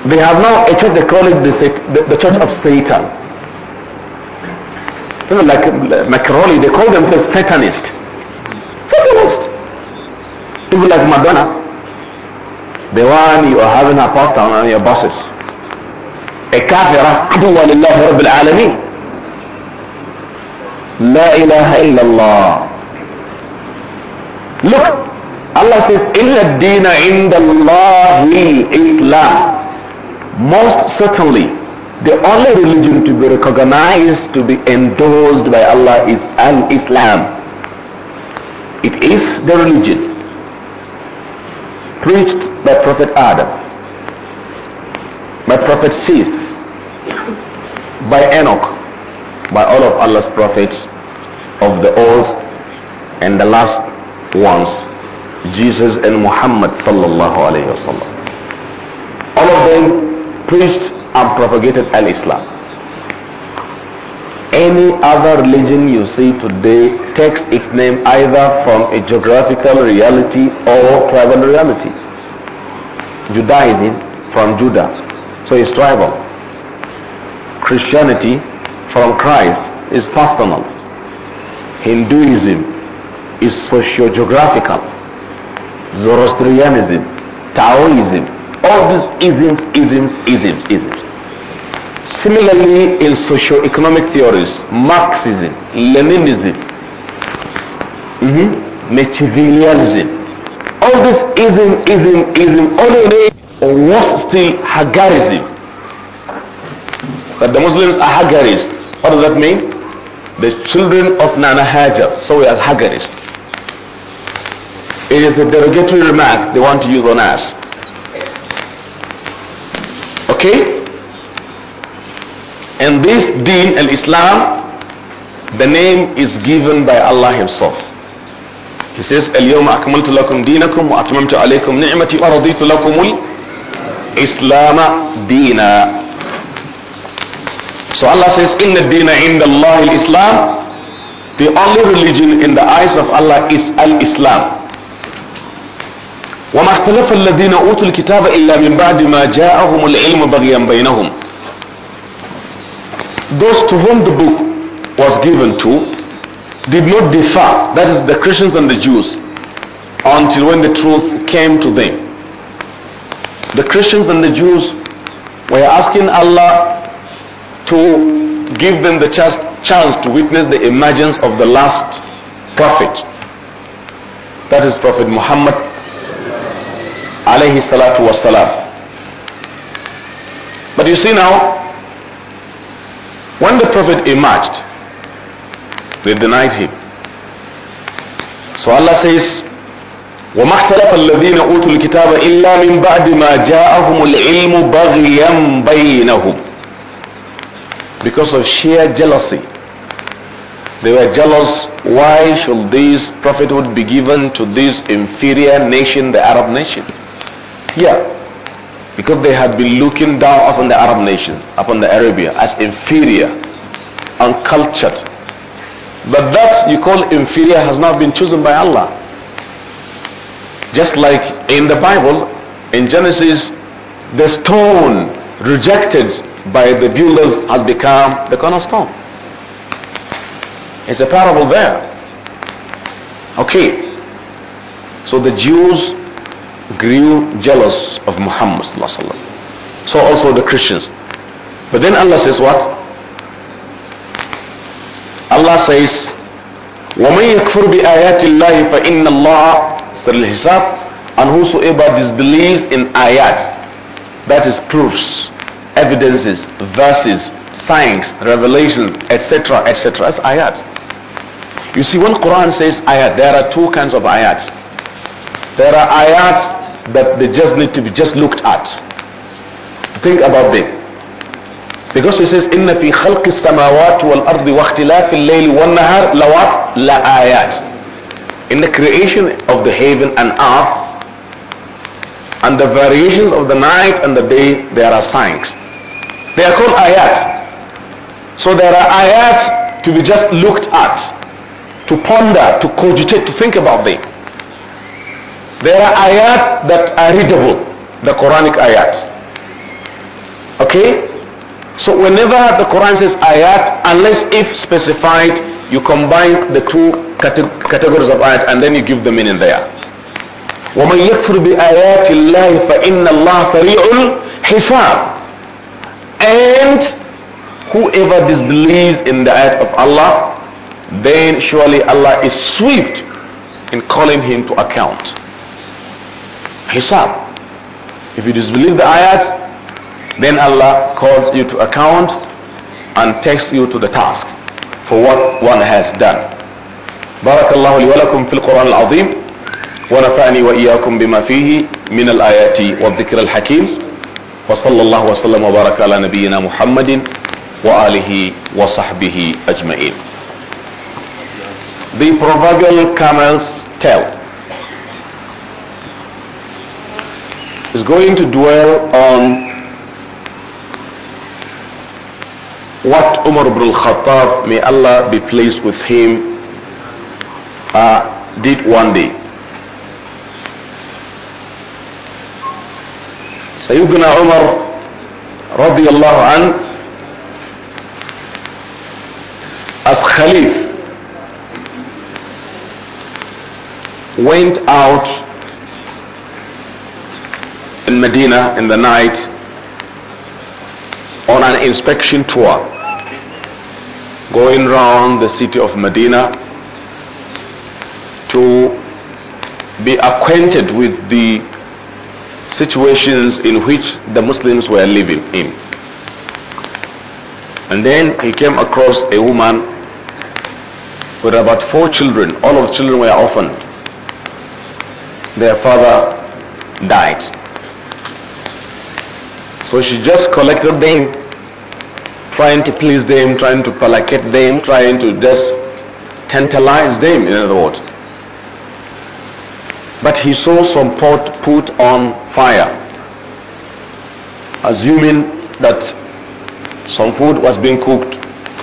They have now a church, they call it the, the, the church of Satan. You know, like Macaroni, they call themselves Satanist. Satanist! People like Madonna, the one you are having a pastor and your bosses. كافرة عدوة لله رب العالمين لا إله إلا الله Look, Allah says, إِلَّا الدِّينَ عِنْدَ اللَّهِ Islam. Most certainly, the only religion to be recognized, to be endorsed by Allah is Al-Islam. It is the religion preached by Prophet Adam, by Prophet Sis, by Enoch, by all of Allah's prophets of the old and the last ones, Jesus and Muhammad sallallahu alayhi wasallam. All of them preached and propagated al-Islam. Any other religion you see today takes its name either from a geographical reality or tribal reality. Judaism from Judah, so it's tribal. Christianity from Christ is personal. Hinduism is socio-geographical. Zoroastrianism, Taoism, all these isms, isms, isms, isms. Similarly, in socio-economic theories, Marxism, Leninism, mm -hmm, Machiavellianism, all this isms, isms, isms, all the way, or worse still, Hagarism that the Muslims are Hagarists. What does that mean? The children of Nana Hajar. So we are Hagarists. It is a derogatory remark they want to use on us. Okay? And this deen, al-Islam, the name is given by Allah himself. He says, اليوم أكملت لكم دينكم وأتممت عليكم نعمتي ورضيت لكم الإسلام دينا so Allah says, "In the dina in the Law in islam The only religion in the eyes of Allah is al-Islam. وما اختلف الذين أوتوا الكتاب إلا من بعد ما جاءهم العلم بغيا بينهم. Those to whom the book was given to did not differ, that is the Christians and the Jews, until when the truth came to them. The Christians and the Jews were asking Allah to give them the chance, to witness the emergence of the last prophet. That is Prophet Muhammad But you see now, when the Prophet emerged, they denied him. So Allah says, وما اختلف الذين أوتوا الكتاب إلا من بعد ما جاءهم العلم بغيا بينهم because of sheer jealousy. They were jealous, why should this prophethood be given to this inferior nation, the Arab nation? Yeah, because they had been looking down upon the Arab nation, upon the Arabia, as inferior, uncultured. But that you call inferior has not been chosen by Allah. Just like in the Bible, in Genesis, the stone rejected by the builders has become the cornerstone. It's a parable there. Okay. So the Jews grew jealous of Muhammad. So also the Christians. But then Allah says what? Allah says, وَمَنْ يَكْفُرْ بِآيَاتِ اللَّهِ فَإِنَّ اللَّهَ سَرِ الْحِسَابِ And whosoever disbelieves in ayat, that is proofs evidences, verses, signs, revelations, etc., etc., ayat. You see, when Quran says ayat, there are two kinds of ayat. There are ayat that they just need to be just looked at. Think about them. Because he says, إِنَّ فِي خَلْقِ السَّمَاوَاتِ وَالْأَرْضِ وَاخْتِلَافِ اللَّيْلِ وَالنَّهَارِ لَوَاتْ لَآيَاتٍ In the creation of the heaven and earth, and the variations of the night and the day, there are signs. They are called ayat. So there are ayat to be just looked at, to ponder, to cogitate, to think about them. There are ayat that are readable, the Quranic ayat. Okay? So whenever the Quran says ayat, unless if specified, you combine the two categories of ayat and then you give the meaning there. وَمَنْ يَكْفُرْ بِآيَاتِ اللَّهِ فَإِنَّ اللَّهَ سَرِيعُ الْحِسَابِ and whoever disbelieves in the ayat of Allah, then surely Allah is swift in calling him to account. Hisab. If you disbelieve the ayat, then Allah calls you to account and takes you to the task for what one has done. بارك الله لي ولكم في القرآن العظيم ونفعني وإياكم بما فيه من الآيات والذكر الحكيم وصلى الله وسلم وبارك على نبينا محمد وآله وصحبه أجمعين The proverbial camel's tale is going to dwell on what Umar ibn al-Khattab, may Allah be pleased with him, uh, did one day. سيدنا عمر رضي الله عنه as Khalif went out in Medina in the night on an inspection tour going round the city of Medina to be acquainted with the situations in which the Muslims were living in. And then he came across a woman with about four children. All of the children were orphaned. Their father died. So she just collected them, trying to please them, trying to placate them, trying to just tantalize them, in other words. But he saw some pot put on fire, assuming that some food was being cooked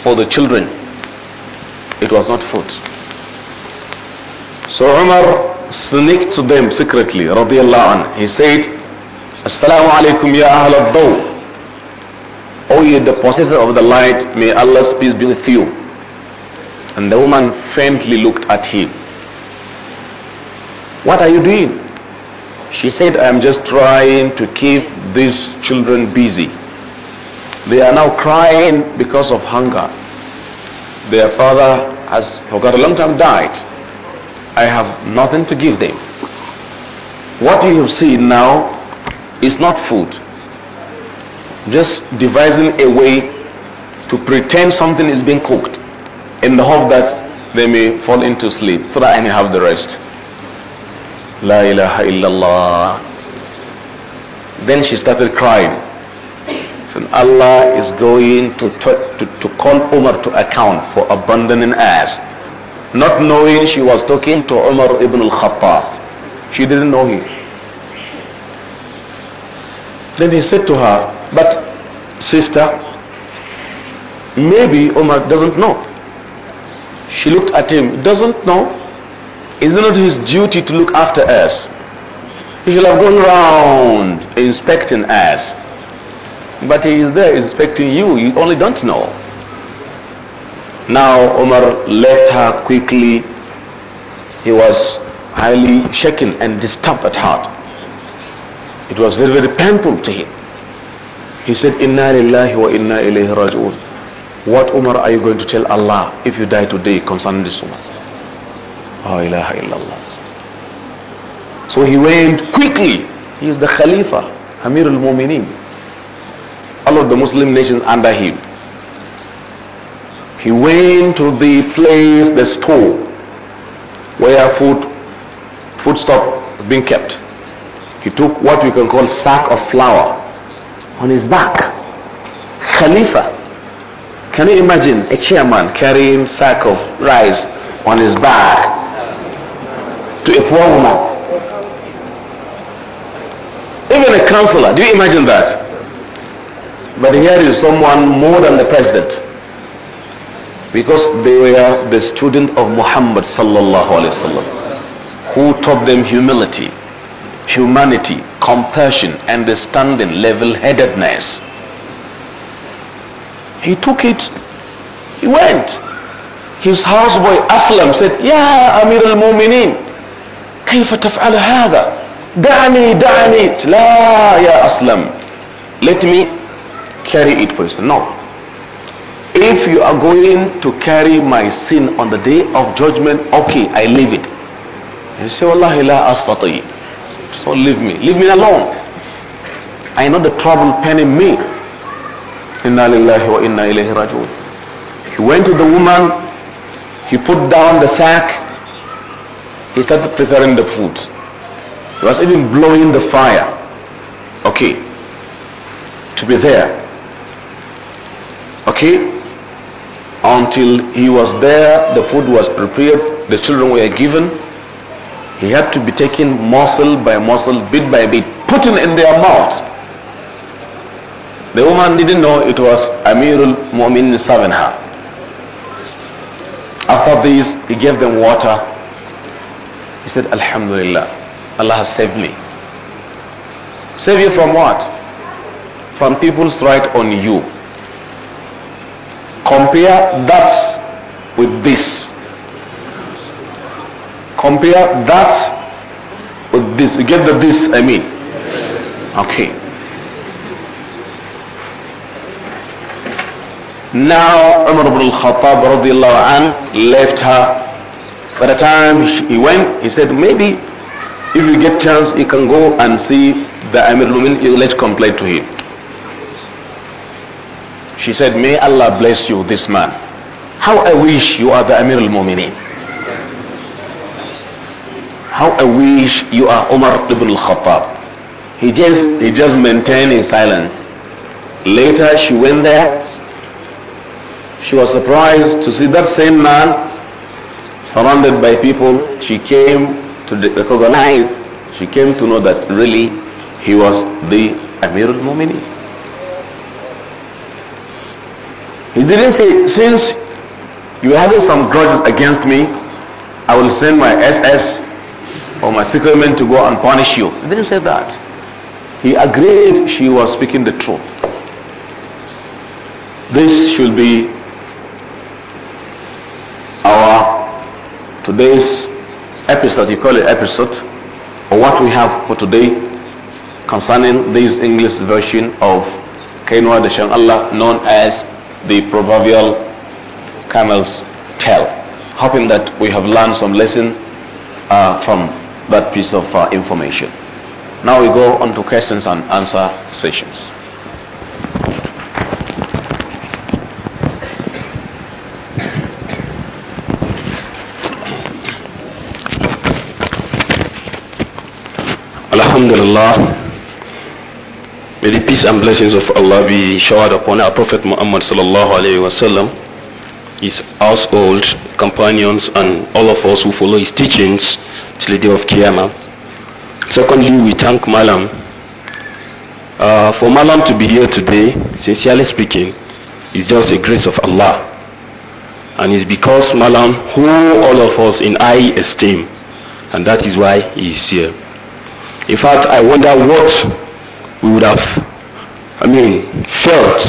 for the children. It was not food. So Umar sneaked to them secretly, radiallahu anh. He said, Assalamu alaikum ya ahl al O ye the possessor of the light, may Allah's peace be with you. And the woman faintly looked at him. What are you doing? She said, I'm just trying to keep these children busy. They are now crying because of hunger. Their father has, for a long time, died. I have nothing to give them. What you have seen now is not food. Just devising a way to pretend something is being cooked in the hope that they may fall into sleep so that I may have the rest. La ilaha illallah. Then she started crying. Said, Allah is going to, to, to call Umar to account for abandoning us. Not knowing she was talking to Umar ibn al-Khattab. She didn't know him. Then he said to her, but sister, maybe Umar doesn't know. She looked at him, doesn't know. Is it not his duty to look after us? He should have gone round inspecting us. But he is there inspecting you. You only don't know. Now Omar left her quickly. He was highly shaken and disturbed at heart. It was very, very painful to him. He said, Inna lillahi wa inna ilayhi raji'un. What Umar are you going to tell Allah if you die today concerning this woman? La ilaha illallah. So he went quickly. He is the Khalifa, Amir al-Mu'mineen. All of the Muslim nations under him. He went to the place, the store, where food, food stock is being kept. He took what you can call sack of flour on his back. Khalifa. Can you imagine a chairman carrying sack of rice on his back to a poor woman. Even a counselor, do you imagine that? But here is someone more than the president. Because they were the student of Muhammad sallallahu alaihi wasallam, who taught them humility, humanity, compassion, understanding, level-headedness. He took it. He went. His houseboy Aslam said, "Yeah, Amir al-Mu'minin, كيف تفعل هذا دعني دعني لا يا أسلم let me carry it for you no if you are going to carry my sin on the day of judgment okay I leave it you say والله لا أستطيع so leave me leave me alone I know the trouble penning me إنا لله وإنا إليه راجعون he went to the woman he put down the sack he started preparing the food. He was even blowing the fire. Okay. To be there. Okay. Until he was there, the food was prepared, the children were given. He had to be taken morsel by morsel, bit by bit, putting in their mouths. The woman didn't know it was Amirul Mu'minin serving her. After this, he gave them water he said, Alhamdulillah, Allah has saved me. Save you from what? From people's right on you. Compare that with this. Compare that with this. You get the this, I mean. Okay. Now Umar ibn al-Khattab radiallahu an left her by the time he went, he said, maybe if you get chance, you can go and see the Amir Lumin, let's complain to him. She said, may Allah bless you, this man. How I wish you are the Amir al-Mu'mineen. How I wish you are Umar ibn al-Khattab. He just, he just maintained in silence. Later she went there. She was surprised to see that same man surrounded by people, she came to recognize, she came to know that really he was the Amir al-Mumini. He didn't say, since you are having some grudges against me, I will send my SS or my secret men to go and punish you. He didn't say that. He agreed she was speaking the truth. This should be our today's episode, you call it episode, or what we have for today concerning this English version of Kainwa Dashan Allah known as the proverbial camel's tail. Hoping that we have learned some lesson uh, from that piece of uh, information. Now we go on to questions and answer sessions. Allah. May the peace and blessings of Allah be showered upon our Prophet Muhammad sallallahu alaihi wasallam, his household, companions, and all of us who follow his teachings till the day of Qiyamah. Secondly, we thank Malam. Uh, for Malam to be here today, sincerely speaking, is just a grace of Allah. And it's because Malam, who all of us in high esteem, and that is why he is here. In fact, I wonder what we would have, I mean, felt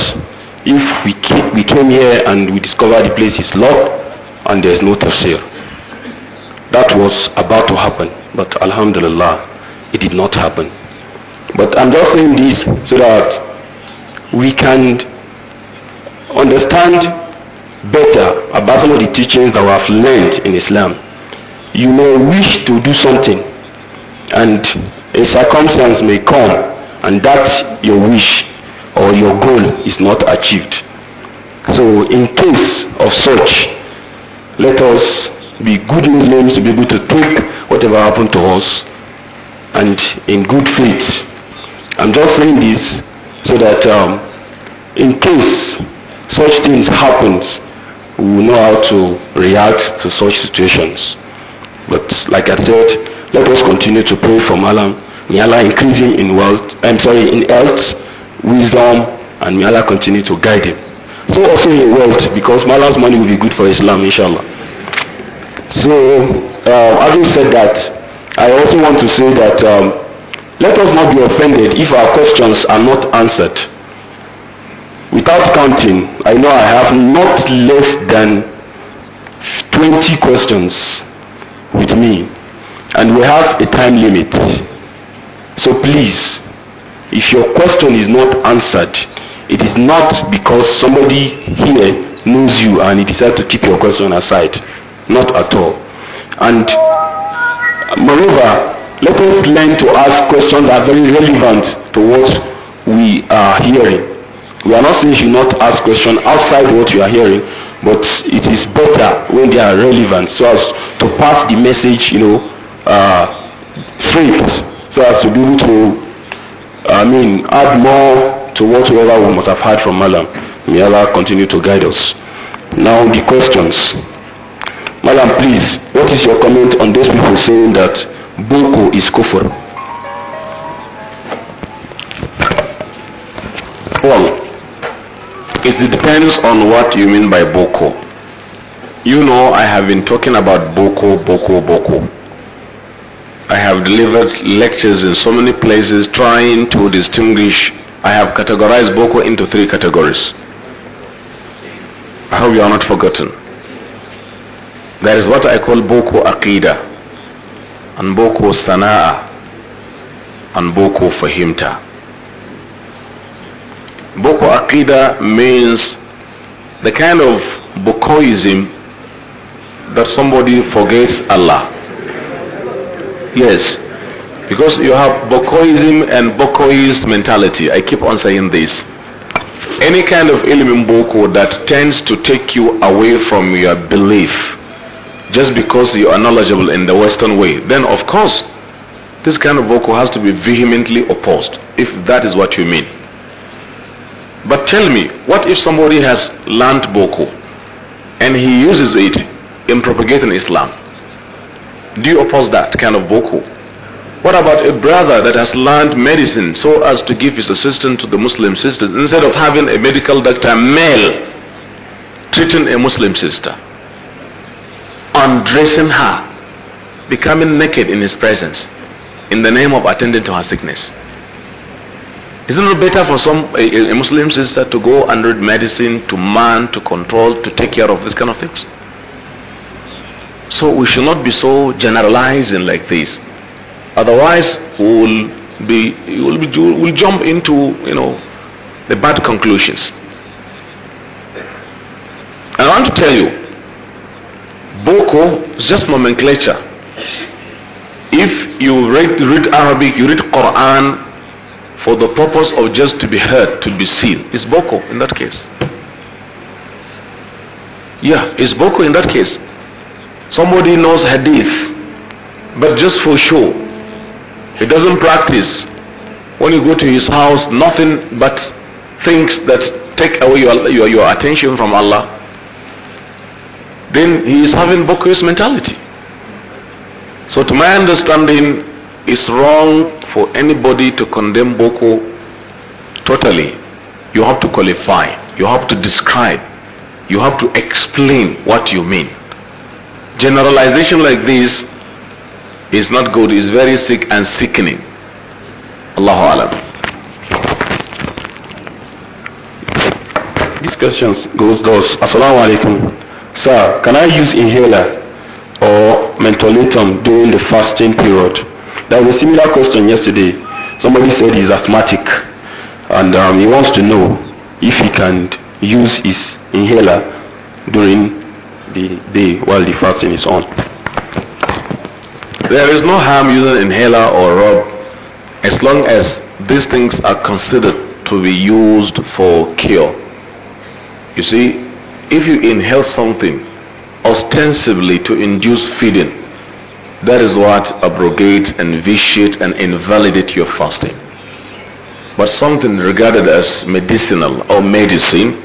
if we came, we came here and we discovered the place is locked and there's no tafsir. That was about to happen, but Alhamdulillah, it did not happen. But I'm just saying this so that we can understand better about some of the teachings that we have learned in Islam. You may wish to do something and a circumstance may come and that your wish or your goal is not achieved. So, in case of such, let us be good Muslims to be able to take whatever happened to us and in good faith. I'm just saying this so that um, in case such things happens, we will know how to react to such situations. But like I said, let us continue to pray for Malam. May Allah increase him in wealth, I'm sorry, in health, wisdom, and may Allah continue to guide him. So also in wealth, because Malam's money will be good for Islam, inshallah. So, uh, having said that, I also want to say that um, let us not be offended if our questions are not answered. Without counting, I know I have not less than 20 questions with me and we have a time limit. So please, if your question is not answered, it is not because somebody here knows you and he decided to keep your question aside. Not at all. And moreover, let us learn to ask questions that are very relevant to what we are hearing. We are not saying you should not ask questions outside what you are hearing, but it is better when they are relevant so as to pass the message, you know, uh, so as to be able to, I mean, add more to whatsoever we must have heard from Malam. May Allah continue to guide us. Now the questions. Malam, please, what is your comment on those people saying that Boko is kufr? Well, it depends on what you mean by Boko. You know, I have been talking about Boko, Boko, Boko I have delivered lectures in so many places trying to distinguish. I have categorized Boko into three categories. I hope you are not forgotten. There is what I call Boko Akida, and Boko Sana'a, and Boko Fahimta. Boko Akida means the kind of Bokoism that somebody forgets Allah Yes. Because you have Bokoism and Bokoist mentality. I keep on saying this. Any kind of ilm Boko that tends to take you away from your belief just because you are knowledgeable in the Western way, then of course this kind of Boko has to be vehemently opposed, if that is what you mean. But tell me, what if somebody has learned Boko and he uses it in propagating Islam? Do you oppose that kind of boko? What about a brother that has learned medicine so as to give his assistance to the Muslim sisters instead of having a medical doctor male treating a Muslim sister, undressing her, becoming naked in his presence in the name of attending to her sickness? Isn't it better for some a, a, Muslim sister to go and read medicine, to man, to control, to take care of these kind of things? So we should not be so generalizing like this. Otherwise, we'll be, we'll, be, we'll jump into, you know, the bad conclusions. I want to tell you, Boko is just nomenclature. If you read, read Arabic, you read Quran for the purpose of just to be heard, to be seen, it's Boko in that case. Yeah, it's Boko in that case. Somebody knows hadith, but just for show. He doesn't practice. When you go to his house, nothing but things that take away your, your, your attention from Allah. Then he is having Boko's mentality. So to my understanding, it's wrong for anybody to condemn Boko totally. You have to qualify. You have to describe. You have to explain what you mean. Generalization like this is not good, is very sick and sickening. Allahu Alam. This question goes thus. Assalamu alaikum. Sir, can I use inhaler or mentholatum during the fasting period? There was a similar question yesterday. Somebody said he's asthmatic and um, he wants to know if he can use his inhaler during the day while the fasting is on. There is no harm using inhaler or rub as long as these things are considered to be used for cure. You see, if you inhale something ostensibly to induce feeding, that is what abrogates and vitiates and invalidates your fasting. But something regarded as medicinal or medicine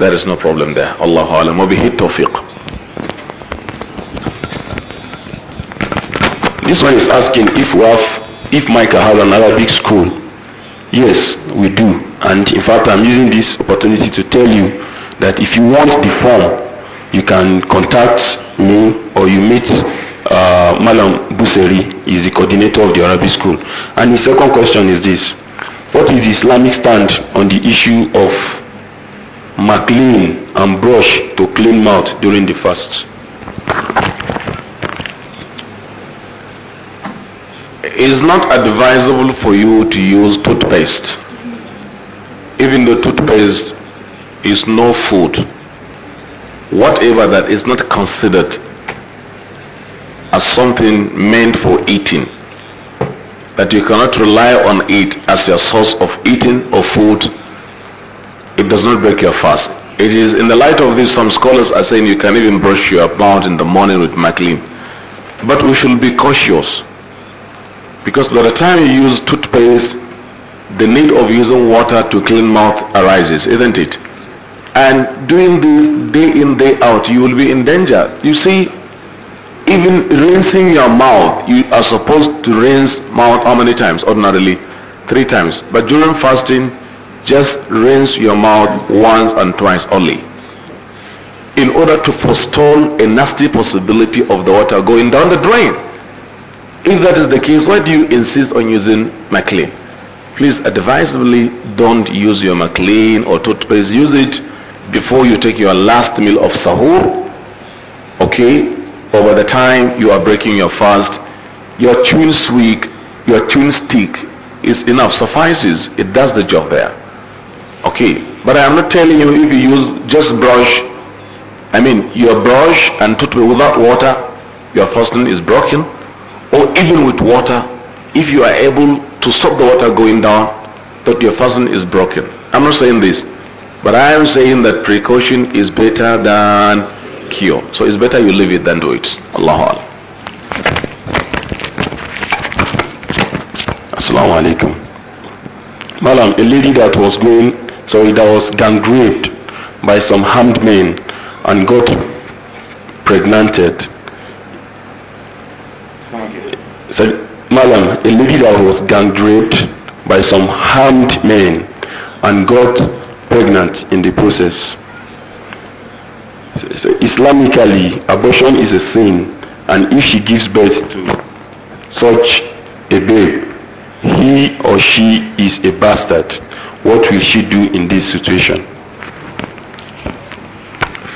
there is no problem there. Allahu alam. Wabihi tawfiq. This one is asking if we have, if Micah has an Arabic school. Yes, we do. And in fact, I'm using this opportunity to tell you that if you want the form, you can contact me or you meet uh, Malam Buseri, is the coordinator of the Arabic school. And the second question is this: What is the Islamic stand on the issue of maclean and brush to clean mouth during the fast. It is not advisable for you to use toothpaste. Even though toothpaste is no food, whatever that is not considered as something meant for eating, that you cannot rely on it as your source of eating or food it does not break your fast. It is in the light of this, some scholars are saying you can even brush your mouth in the morning with maclean. But we should be cautious because by the time you use toothpaste, the need of using water to clean mouth arises, isn't it? And doing this day in, day out, you will be in danger. You see, even rinsing your mouth, you are supposed to rinse mouth how many times? Ordinarily, three times. But during fasting, just rinse your mouth once and twice only. In order to forestall a nasty possibility of the water going down the drain. If that is the case, why do you insist on using McLean? Please advisably don't use your McLean or toothpaste. Use it before you take your last meal of sahur. Okay? Or by the time you are breaking your fast, your chewing stick, your chewing stick is enough, suffices. It does the job there. Okay, but I am not telling you if you use just brush, I mean your brush and toothpaste without water, your porcelain is broken. Or even with water, if you are able to stop the water going down, that your porcelain is broken. I'm not saying this, but I am saying that precaution is better than cure. So it's better you leave it than do it. Allah Akbar. Assalamu alaikum. Madam, a lady that was going so Ida was gang raped by some armed men and got pregnant. So, Malam, a lady that was gang raped by some armed men and got pregnant in the process. So Islamically, abortion is a sin, and if she gives birth to such a babe, he or she is a bastard. What will she do in this situation?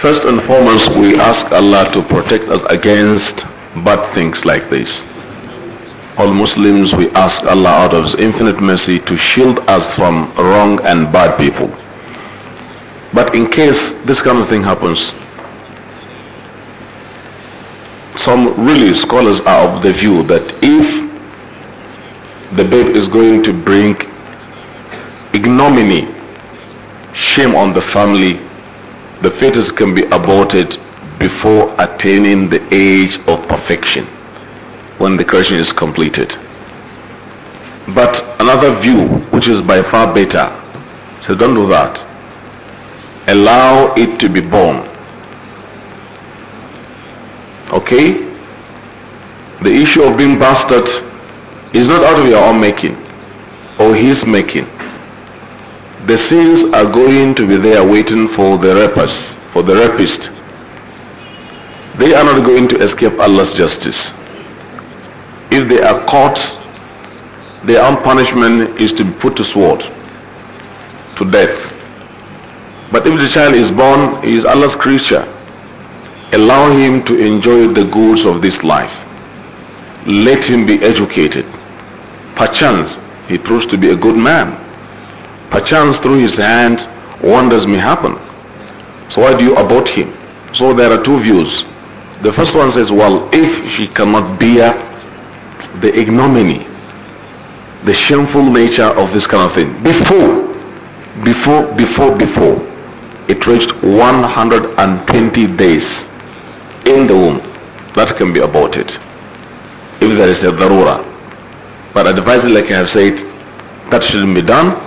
First and foremost, we ask Allah to protect us against bad things like this. All Muslims, we ask Allah out of His infinite mercy to shield us from wrong and bad people. But in case this kind of thing happens, some really scholars are of the view that if the babe is going to bring ignominy, shame on the family, the fetus can be aborted before attaining the age of perfection when the creation is completed. But another view, which is by far better, says so don't do that. Allow it to be born. Okay? The issue of being bastard is not out of your own making or his making the sins are going to be there waiting for the rapists. for the rapist. They are not going to escape Allah's justice. If they are caught, their own punishment is to be put to sword, to death. But if the child is born, he is Allah's creature. Allow him to enjoy the goods of this life. Let him be educated. Perchance he proves to be a good man. A chance through his hand, wonders may happen. So why do you abort him? So there are two views. The first one says, well, if she cannot bear the ignominy, the shameful nature of this kind of thing, before, before, before, before, it reached 120 days in the womb, that can be aborted if there is a darura. But advisedly, like I have said, that shouldn't be done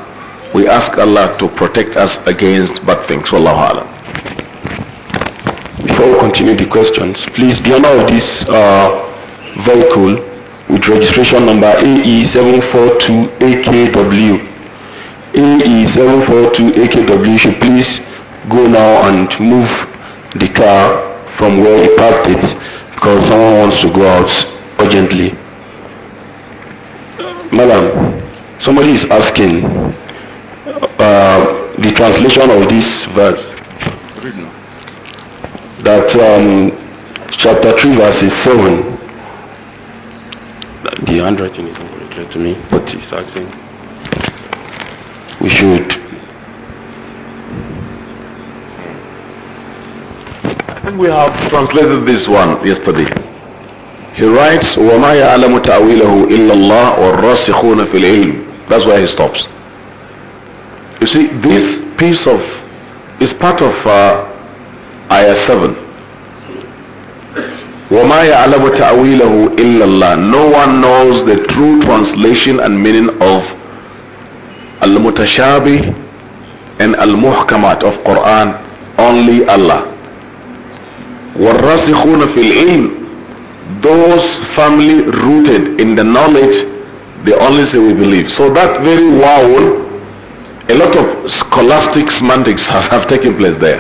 we ask Allah to protect us against bad things. Wallahu alam. Before we continue the questions, please be owner of this uh, vehicle with registration number AE742AKW. AE742AKW should please go now and move the car from where he parked it because someone wants to go out urgently. Madam, somebody is asking uh, the translation of this verse. That um, chapter 3, verses 7. The handwriting is not clear to me, but it's asking. We should. I think we have translated this one yesterday. He writes, وَمَا يَعْلَمُ تَأْوِيلَهُ إِلَّا اللَّهُ وَالرَّاسِخُونَ فِي الْعِلْمِ That's where he stops. You see, this piece of is part of uh, ayah 7. No one knows the true translation and meaning of Al-Mutashabih and Al-Muhkamat of Quran, only Allah. Those firmly rooted in the knowledge, they only say we believe. So that very wow a lot of scholastic semantics have, have taken place there.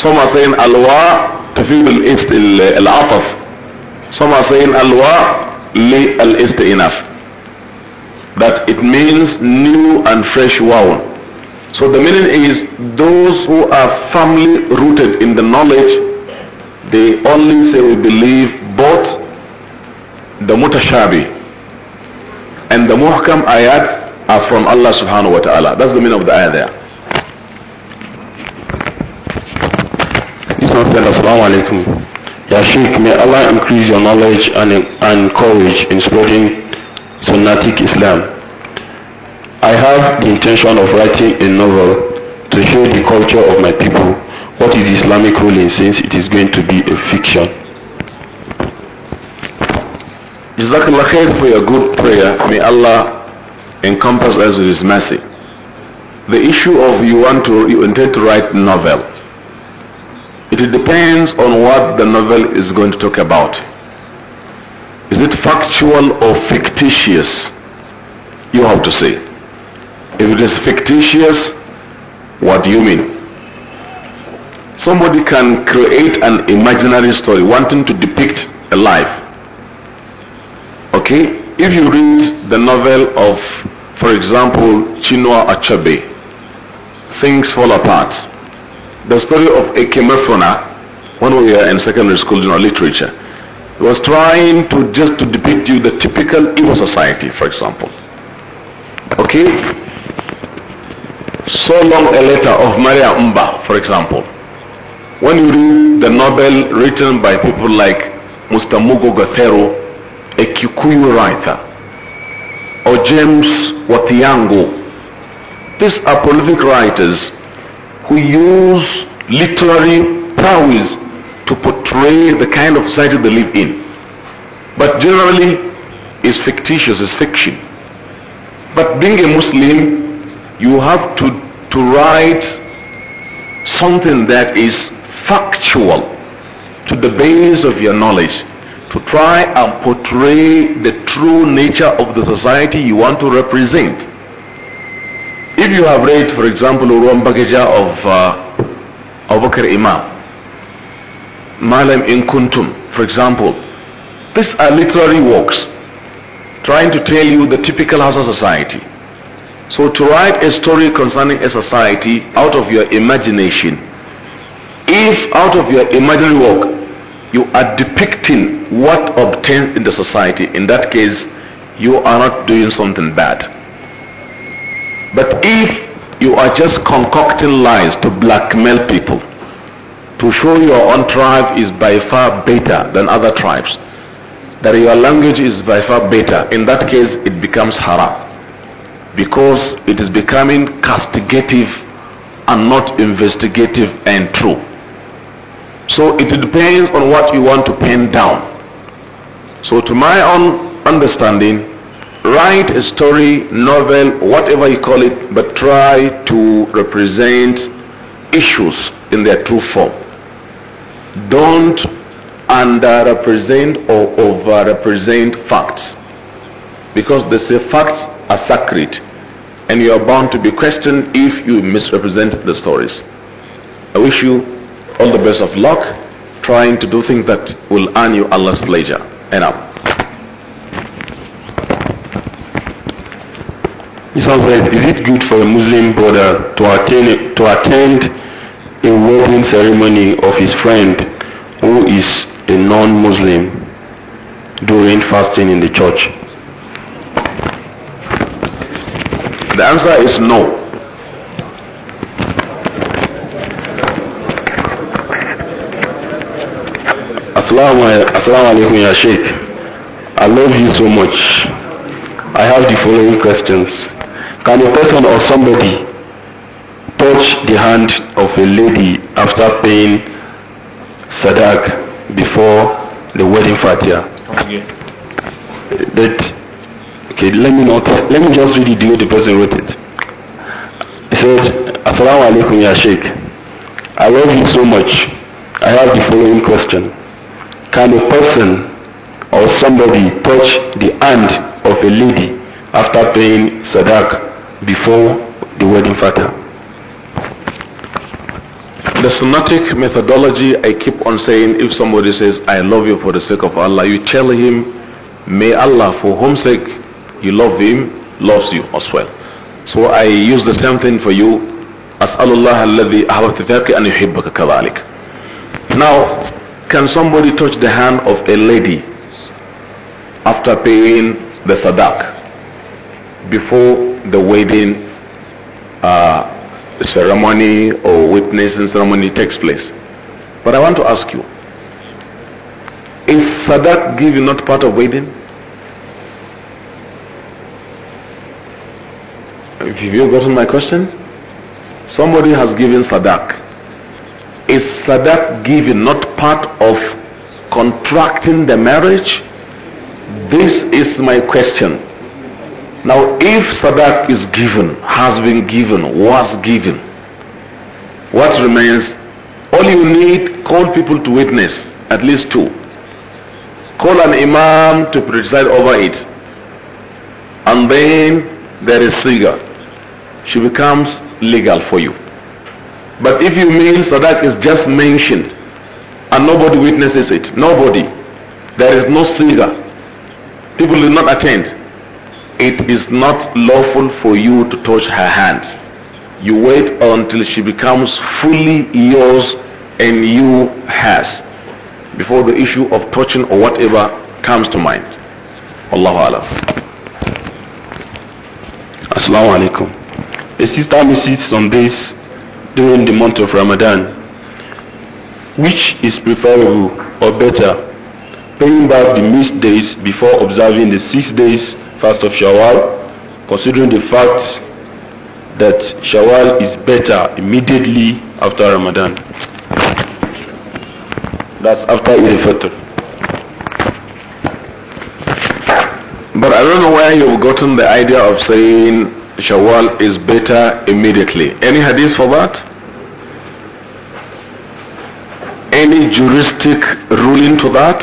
Some are saying alwa tafid al al-ataf. Some are saying alwa li al istinaf. That it means new and fresh wow. So the meaning is those who are firmly rooted in the knowledge, they only say we believe both the mutashabi and the muhkam ayat are from Allah subhanahu wa ta'ala. That's the meaning of the ayah there. This one said, Assalamu alaikum. Ya Sheikh, may Allah increase your knowledge and, and courage in spreading Sunnatic Islam. I have the intention of writing a novel to show the culture of my people. What is Islamic ruling since it is going to be a fiction? Jazakallah khair for your good prayer. May Allah encompass us with His mercy. The issue of you want to you intend to write novel. It depends on what the novel is going to talk about. Is it factual or fictitious? You have to say. If it is fictitious, what do you mean? Somebody can create an imaginary story wanting to depict a life. Okay? If you read the novel of, for example, Chinua Achebe, Things Fall Apart, the story of Ekemefona, when we were in secondary school our literature, was trying to just to depict you the typical Igbo society, for example. Okay? So long a letter of Maria Umba, for example. When you read the novel written by people like Mr. Mugo Gothero, a Kikuyu writer, or James Watiango. These are prolific writers who use literary prowess to portray the kind of society they live in. But generally, it's fictitious, it's fiction. But being a Muslim, you have to, to write something that is factual to the base of your knowledge to try and portray the true nature of the society you want to represent. If you have read, for example, Ruwan Bagaja of uh, Abubakar Imam, Malam in Kuntum, for example, these are literary works trying to tell you the typical Hausa society. So to write a story concerning a society out of your imagination, if out of your imaginary work you are depicting what obtains in the society. In that case, you are not doing something bad. But if you are just concocting lies to blackmail people, to show your own tribe is by far better than other tribes, that your language is by far better, in that case, it becomes haram. Because it is becoming castigative and not investigative and true. So it depends on what you want to pin down. So to my own understanding, write a story, novel, whatever you call it, but try to represent issues in their true form. Don't underrepresent or overrepresent facts. Because they say facts are sacred and you are bound to be questioned if you misrepresent the stories. I wish you all the best of luck trying to do things that will earn you Allah's pleasure. Enough. Islam is it good for a Muslim brother to attend, to attend a wedding ceremony of his friend who is a non-Muslim during fasting in the church? The answer is no. Assalamu alaikum ya Sheikh. I love you so much. I have the following questions. Can a person or somebody touch the hand of a lady after paying sadak before the wedding fatia? Okay. That okay, let me not let me just read it the way the person wrote it. He said, Assalamu alaikum ya Sheikh. I love you so much. I have the following question. Can a person or somebody touch the hand of a lady after paying sadak before the wedding father? The Sunnatic methodology, I keep on saying, if somebody says, I love you for the sake of Allah, you tell him, may Allah, for whom sake you love him, loves you as well. So I use the same thing for you. أسأل الله الذي أحببت ذاك أن يحبك Now, can somebody touch the hand of a lady after paying the sadak before the wedding uh, ceremony or witnessing ceremony takes place? But I want to ask you, is sadak giving not part of wedding? Have you gotten my question? Somebody has given sadak. Is sadaq giving not part of contracting the marriage? This is my question. Now, if sadaq is given, has been given, was given, what remains? All you need, call people to witness, at least two. Call an imam to preside over it. And then there is siga. She becomes legal for you. But if you mean sadak is just mentioned and nobody witnesses it, nobody, there is no singer, people will not attend. It is not lawful for you to touch her hands. You wait until she becomes fully yours and you has before the issue of touching or whatever comes to mind. Allahu Alam. Assalamu alaikum. A sister misses on this during the month of Ramadan, which is preferable or better, paying back the missed days before observing the six days fast of Shawwal, considering the fact that Shawwal is better immediately after Ramadan. That's after Eid al-Fitr. But I don't know where you've gotten the idea of saying Shawwal is better immediately. Any hadith for that? Any juristic ruling to that?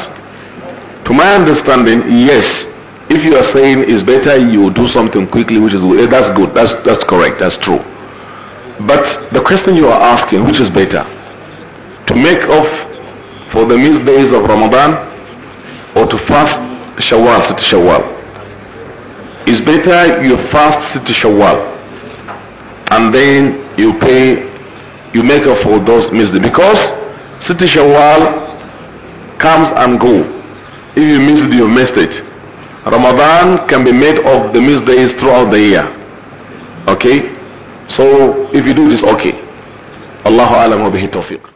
To my understanding, yes. If you are saying it's better you do something quickly, which is eh, that's good, that's, that's correct, that's true. But the question you are asking, which is better? To make up for the missed days of Ramadan or to fast Shawwal, to Shawwal? It's better you fast to Shawwal and then you pay, you make up for those misdeeds. Because City Shawwal comes and go. If you miss it, you missed it. Ramadan can be made of the missed days throughout the year. Okay? So if you do this, okay. Allahu alam wa bihi tawfiq.